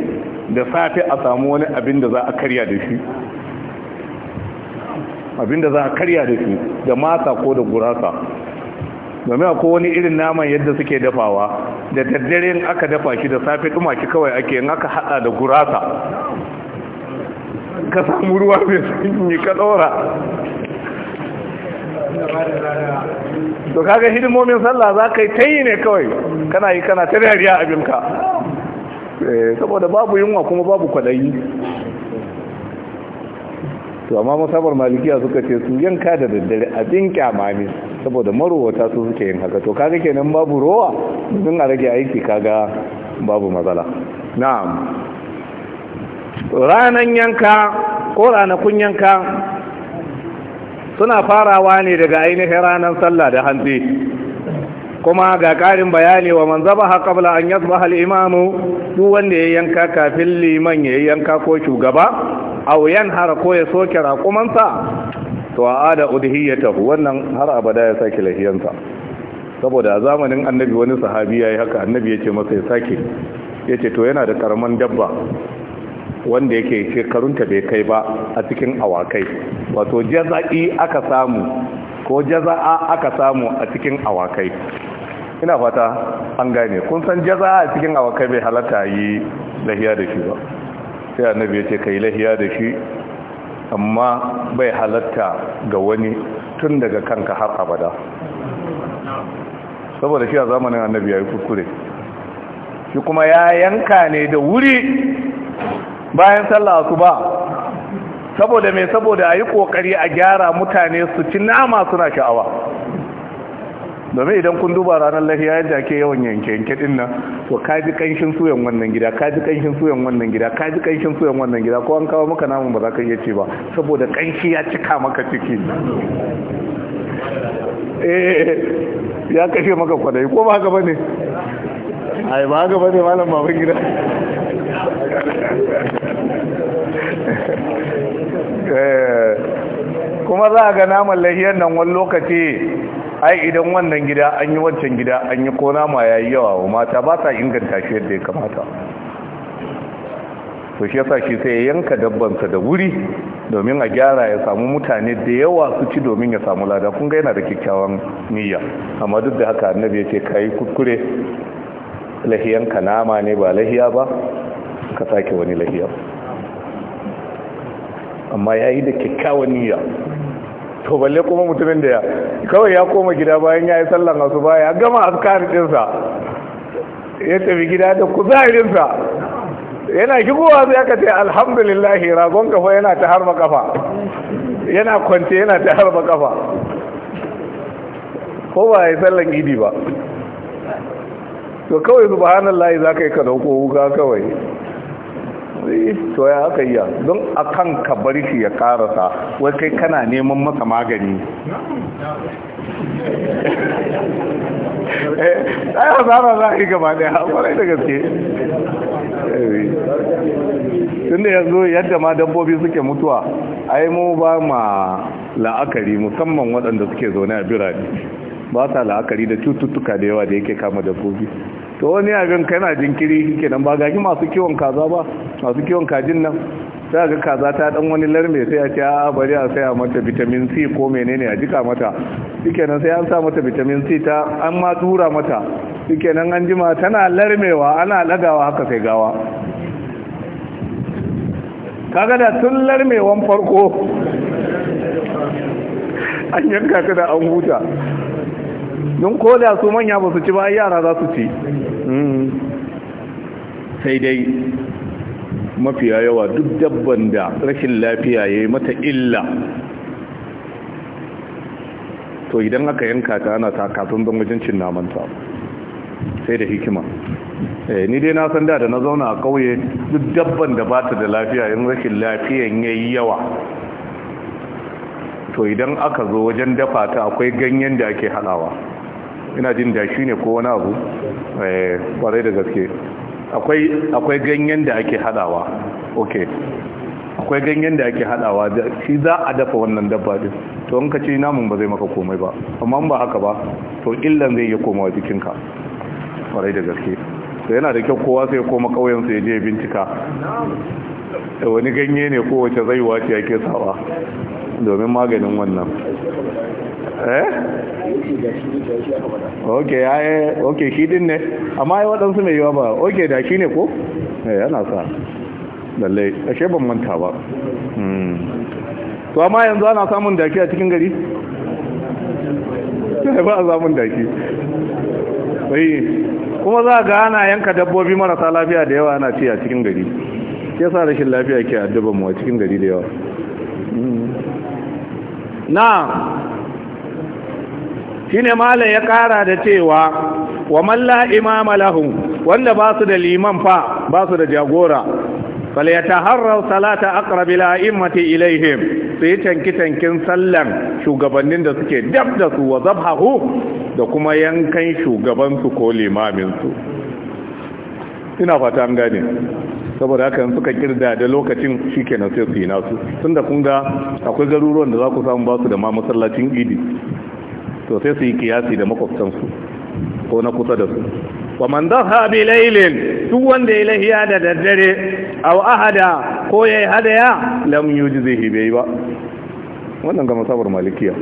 da safe a samu wani abin da za a karya da shi abin da za a karya da shi da masa ko da gurasa domin akwai wani irin naman yadda suke dafawa da daddare in aka dafa shi da safe duma shi kawai ake in aka hada da gurasa ka samu ruwa mai sanyi ka ɗora to kaga hidimomin sallah za ka yi ta yi ne kawai kana yi kana ta dariya abinka eh, saboda babu yunwa kuma babu kwadayi to amma masabar malikiya suka ce su yanka da daddare abin kyamani saboda marowata su suke yin haka to kaga kenan babu rowa sun a rage aiki kaga babu matsala na'am ranan yanka ko ranakun yanka suna farawa ne daga ainihin ranar sallah da hantsi kuma ga karin bayani wa man haka qabla an yasbaha al imamu duk wanda ya yanka kafin liman ya yanka ko shugaba wuyan har ko ya soke raƙumansa to a ada udhiyatahu wannan har abada ya sake lahiyansa saboda a zamanin annabi wani sahabi yayi haka annabi yace masa ya sake yace to yana da karaman dabba wanda yake shekarunta bai kai ba a cikin awakai wato jaza'i aka samu ko jaza'a aka samu a cikin awakai ina fata an gane kun san jaza'a a cikin awakai bai halatta yi lahiya da shi ba sai annabi yace ce kai lahiya da shi amma bai halatta ga wani tun daga kanka har abada saboda shi a zamanin annabi ya yi kuskure shi kuma ya yanka ne da wuri bayan sallah su ba saboda mai saboda a yi kokari a gyara mutane su ci nama suna sha'awa domin idan kun duba ranar lahiya yadda ake yawan yanke yanke din nan to ka ji kanshin suyan wannan gida ka ji kanshin suyan wannan gida ka ji kanshin suyan wannan gida ko an kawo maka namun ba za ka iya ce ba saboda kanshi ya cika maka ciki eh ya kashe maka kwadai ko ba haka bane ai ba haka bane malam baban gida eh, kuma za a ga naman lahiyar nan wani lokaci ai idan wannan gida an yi wancan gida an yi kona ma ya yi yawa mata ba ta inganta shi yadda ya kamata to shi yasa shi sai ya yanka dabbansa da wuri domin a gyara ya samu mutane da yawa su ci domin ya samu lada kun ga yana da kyakkyawan niyya amma duk da haka annabi ya ce yi kuskure lahiyanka nama ne ba lahiya ba ka sake wani lahiya amma ya yi da kyakkyawan niyya to balle kuma mutumin da ya kawai ya koma gida bayan ya yi sallan asu baya gama askari ya tafi gida da kuzarinsa yana shigowa sai aka ce alhamdulillah ragon kafa yana ta harba kafa yana kwance yana ta harba kafa ko ba ya yi sallan idi ba to kawai subhanallah za ka yi ka dauko wuka kawai to ya haka iya don a kan ka shi ya karasa wai kai kana neman masa magani eh, ai hasara za a yi gaba daya haƙwarai da gaske eh, tun da yanzu yadda ma dabbobi suke mutuwa ai mu ba ma la'akari musamman waɗanda suke zaune a birane ba sa la'akari da cututtuka da yawa da yake kama dabbobi to wani abin ka kana jinkiri kike nan ba gagi masu kiwon kaza ba masu kiwon kajin nan sai ga kaza ta dan wani larme sai a ce a bari a saya mata vitamin C ko menene a jika mata nan sai an sa mata vitamin C ta an ma dura mata nan an jima tana larmewa ana lagawa haka sai gawa kaga da tun larmewan farko an yanka ta da an huta yin koda su manya ba su ci ba yara za su ci mm. sai dai mafiya yawa duk dabban da rashin lafiya ya yi mata illa to idan aka yanka ta ana ta kafin don wajen cin namanta sai da hikima eh, ni dai na san da na zauna a ƙauye duk dabban da ba ta da lafiya yin rashin lafiyan ya yi yawa to idan aka zo wajen dafa ta akwai ganyen da ake halawa ina jin da shi ne ko wani abu kwarai eh, da gaske akwai ganyen da ake halawa ok akwai ganyen da ake halawa shi za a dafa wannan dabba din to in ka ci namun ba zai maka komai ba amma ba haka ba to illan zai iya komawa jikinka kwarai da gaske to yana da kyau kowa sai koma ƙauyensa ya je bincika wani ganye ne kowace zaiwa ce ake sawa domin maganin wannan eh ok ya yi ok shi din ne amma ya waɗansu mai yiwa ba ok da shi ne ko eh yana sa lallai ashe ban manta ba hmm. to amma yanzu ana samun daki a cikin gari ba a samun daki kuma za ga ana yanka dabbobi marasa lafiya da yawa ana ci a cikin gari sa rashin lafiya ke addaban mu a cikin gari da yawa hmm. na'am shine malam ya kara da cewa wa malla imama lahum wanda ba su da liman fa ba su da jagora fal yataharraw salata aqrab ila immati ilaihim sai tanki tankin sallan shugabannin da suke dab da su wa zabhahu da kuma yankan shugaban su ko limamin su ina fata an gane saboda haka suka kirda da lokacin shi ke na sai su yi nasu tunda kun ga akwai garuruwan da za ku samu ba su da ma masallacin idi to sai su yi kiyasi da makwabtansu ko na kusa da su wa man ha bi lailin duk wanda ya lahiya da daddare aw ahada ko yi hadaya lam yujzihi bai ba wannan ga masabar malikiya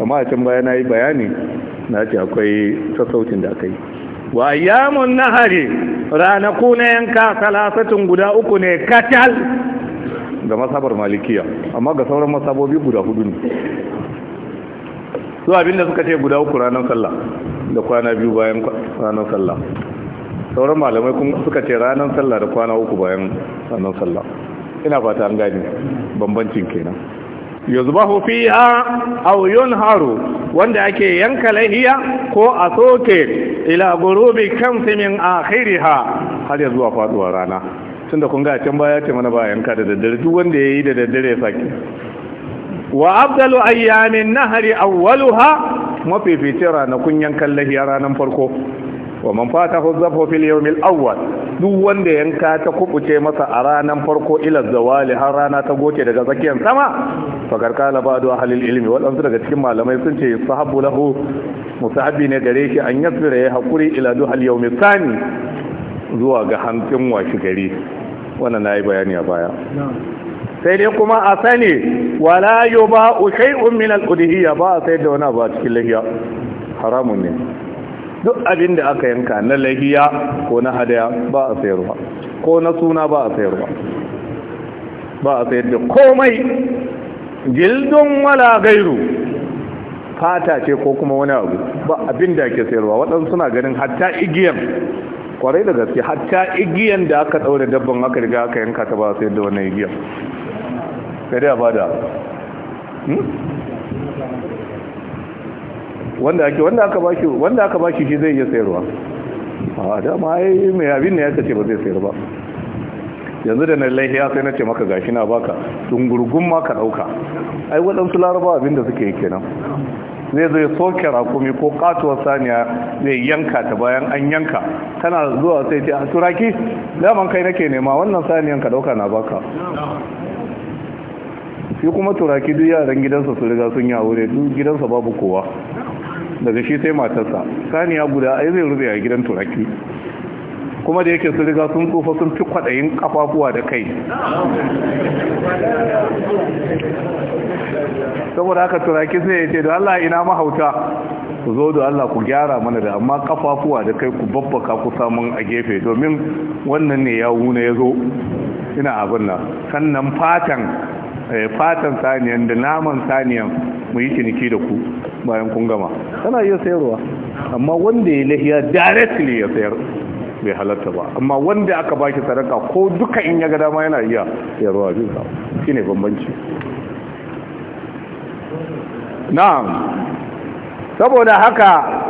amma a can baya na yi bayani na ce akwai sassaucin da aka yi wa yamun nahari ranaku na yanka salasatin guda uku ne katal ga masabar malikiya amma ga sauran masabobi guda hudu ne su abinda suka ce guda uku ranar sallah da kwana biyu bayan ranar sallah sauran malamai kuma suka ce ranar sallah da kwana uku bayan ranar sallah ina fata an gani bambancin kenan yuzbahu fiha aw yunharu wanda ake yanka lahiya ko a soke ila gurubi kamsi min akhiriha har ya zuwa faduwar rana tunda kun ga can baya ce mana ba yanka da daddare duk wanda yayi da daddare ya saki wa afdalu ayyamin nahri fitira mafificin ranakun yankan lahiya ranan farko wa man hu zafu fil yawmil awwal duk wanda yanka ta kubuce masa a ranan farko ila zawali har rana ta goce daga tsakiyar sama fa karkala ba'du ahlil ilmi amsu daga cikin malamai sun ce sahabu lahu musahabi ne gare shi an yasbira ya hakuri ila al yawmil thani zuwa ga hamsin washi gari wannan nayi bayani a baya sai dai kuma a sani wala yuba shay'un min al udhiya ba sai da wani ba cikin lahiya haramun ne duk abin da aka yanka na lahiya ko na hadaya ba a sayarwa ko na suna ba a sayarwa ba a sayar da komai gildon wala gairu fata ce ko kuma wani abu ba abin da ake sayarwa waɗansu suna ganin hatta igiyan kwarai da gaske hatta igiyan da aka ɗaure dabban aka riga aka yanka ta ba a sayar da wannan igiyan sai dai a bada hmm? wanda ake wanda aka bashi wanda aka bashi shi zai iya sayarwa a ah, dama ai mai abin ne ya kace ba zai sayar ba yanzu da na lahiya sai na ce maka gashi na baka dungurgun ma ka dauka ai waɗansu laraba abin da suke kenan zai zai soke rakumi ko katuwar saniya zai yanka ta bayan an yanka tana zuwa sai ce a ah, turaki daman kai nake nema wannan saniyan ka dauka na baka shi kuma turaki duk yaran gidansa su riga sun yi aure duk gidansa babu kowa daga shi sai matarsa saniya guda ai zai rufe a gidan turaki kuma da yake su riga sun tsofa sun fi kwaɗayin kafafuwa da kai saboda haka turaki sai ya ce da Allah ina mahauta ku zo da Allah ku gyara mana da amma kafafuwa da kai ku babbaka ku samun a gefe domin wannan ne ya wuna ya zo ina abin nan sannan fatan Eh, fatan saniyan da naman saniyan mu yi ciniki da ku bayan kun gama tana iya sayarwa amma wanda ya lahiya directly ya sayar bai halatta ba amma wanda aka baki sadaka ko duka in ya ga dama yana iya sayarwa bin sa shine bambanci na'am saboda haka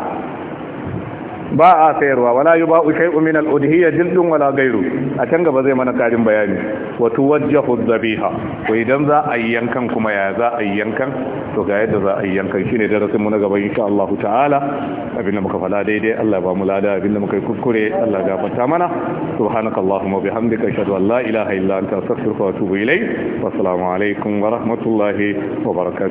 ba a sayarwa wala yuba'u shay'un min al-udhiyya jildun wala gairu a can gaba zai mana karin bayani wa tuwajjahu dhabiha ko idan za a yankan kuma ya za a yankan to ga yadda za a yankan shine darasin mu na gaba insha Allah ta'ala abinda muka fada daidai Allah ba mu lada abinda muka kuskure Allah gafarta mana subhanakallahumma bihamdika ashhadu an la ilaha illa anta astaghfiruka wa atubu ilayk wa assalamu alaikum wa rahmatullahi wa barakatuh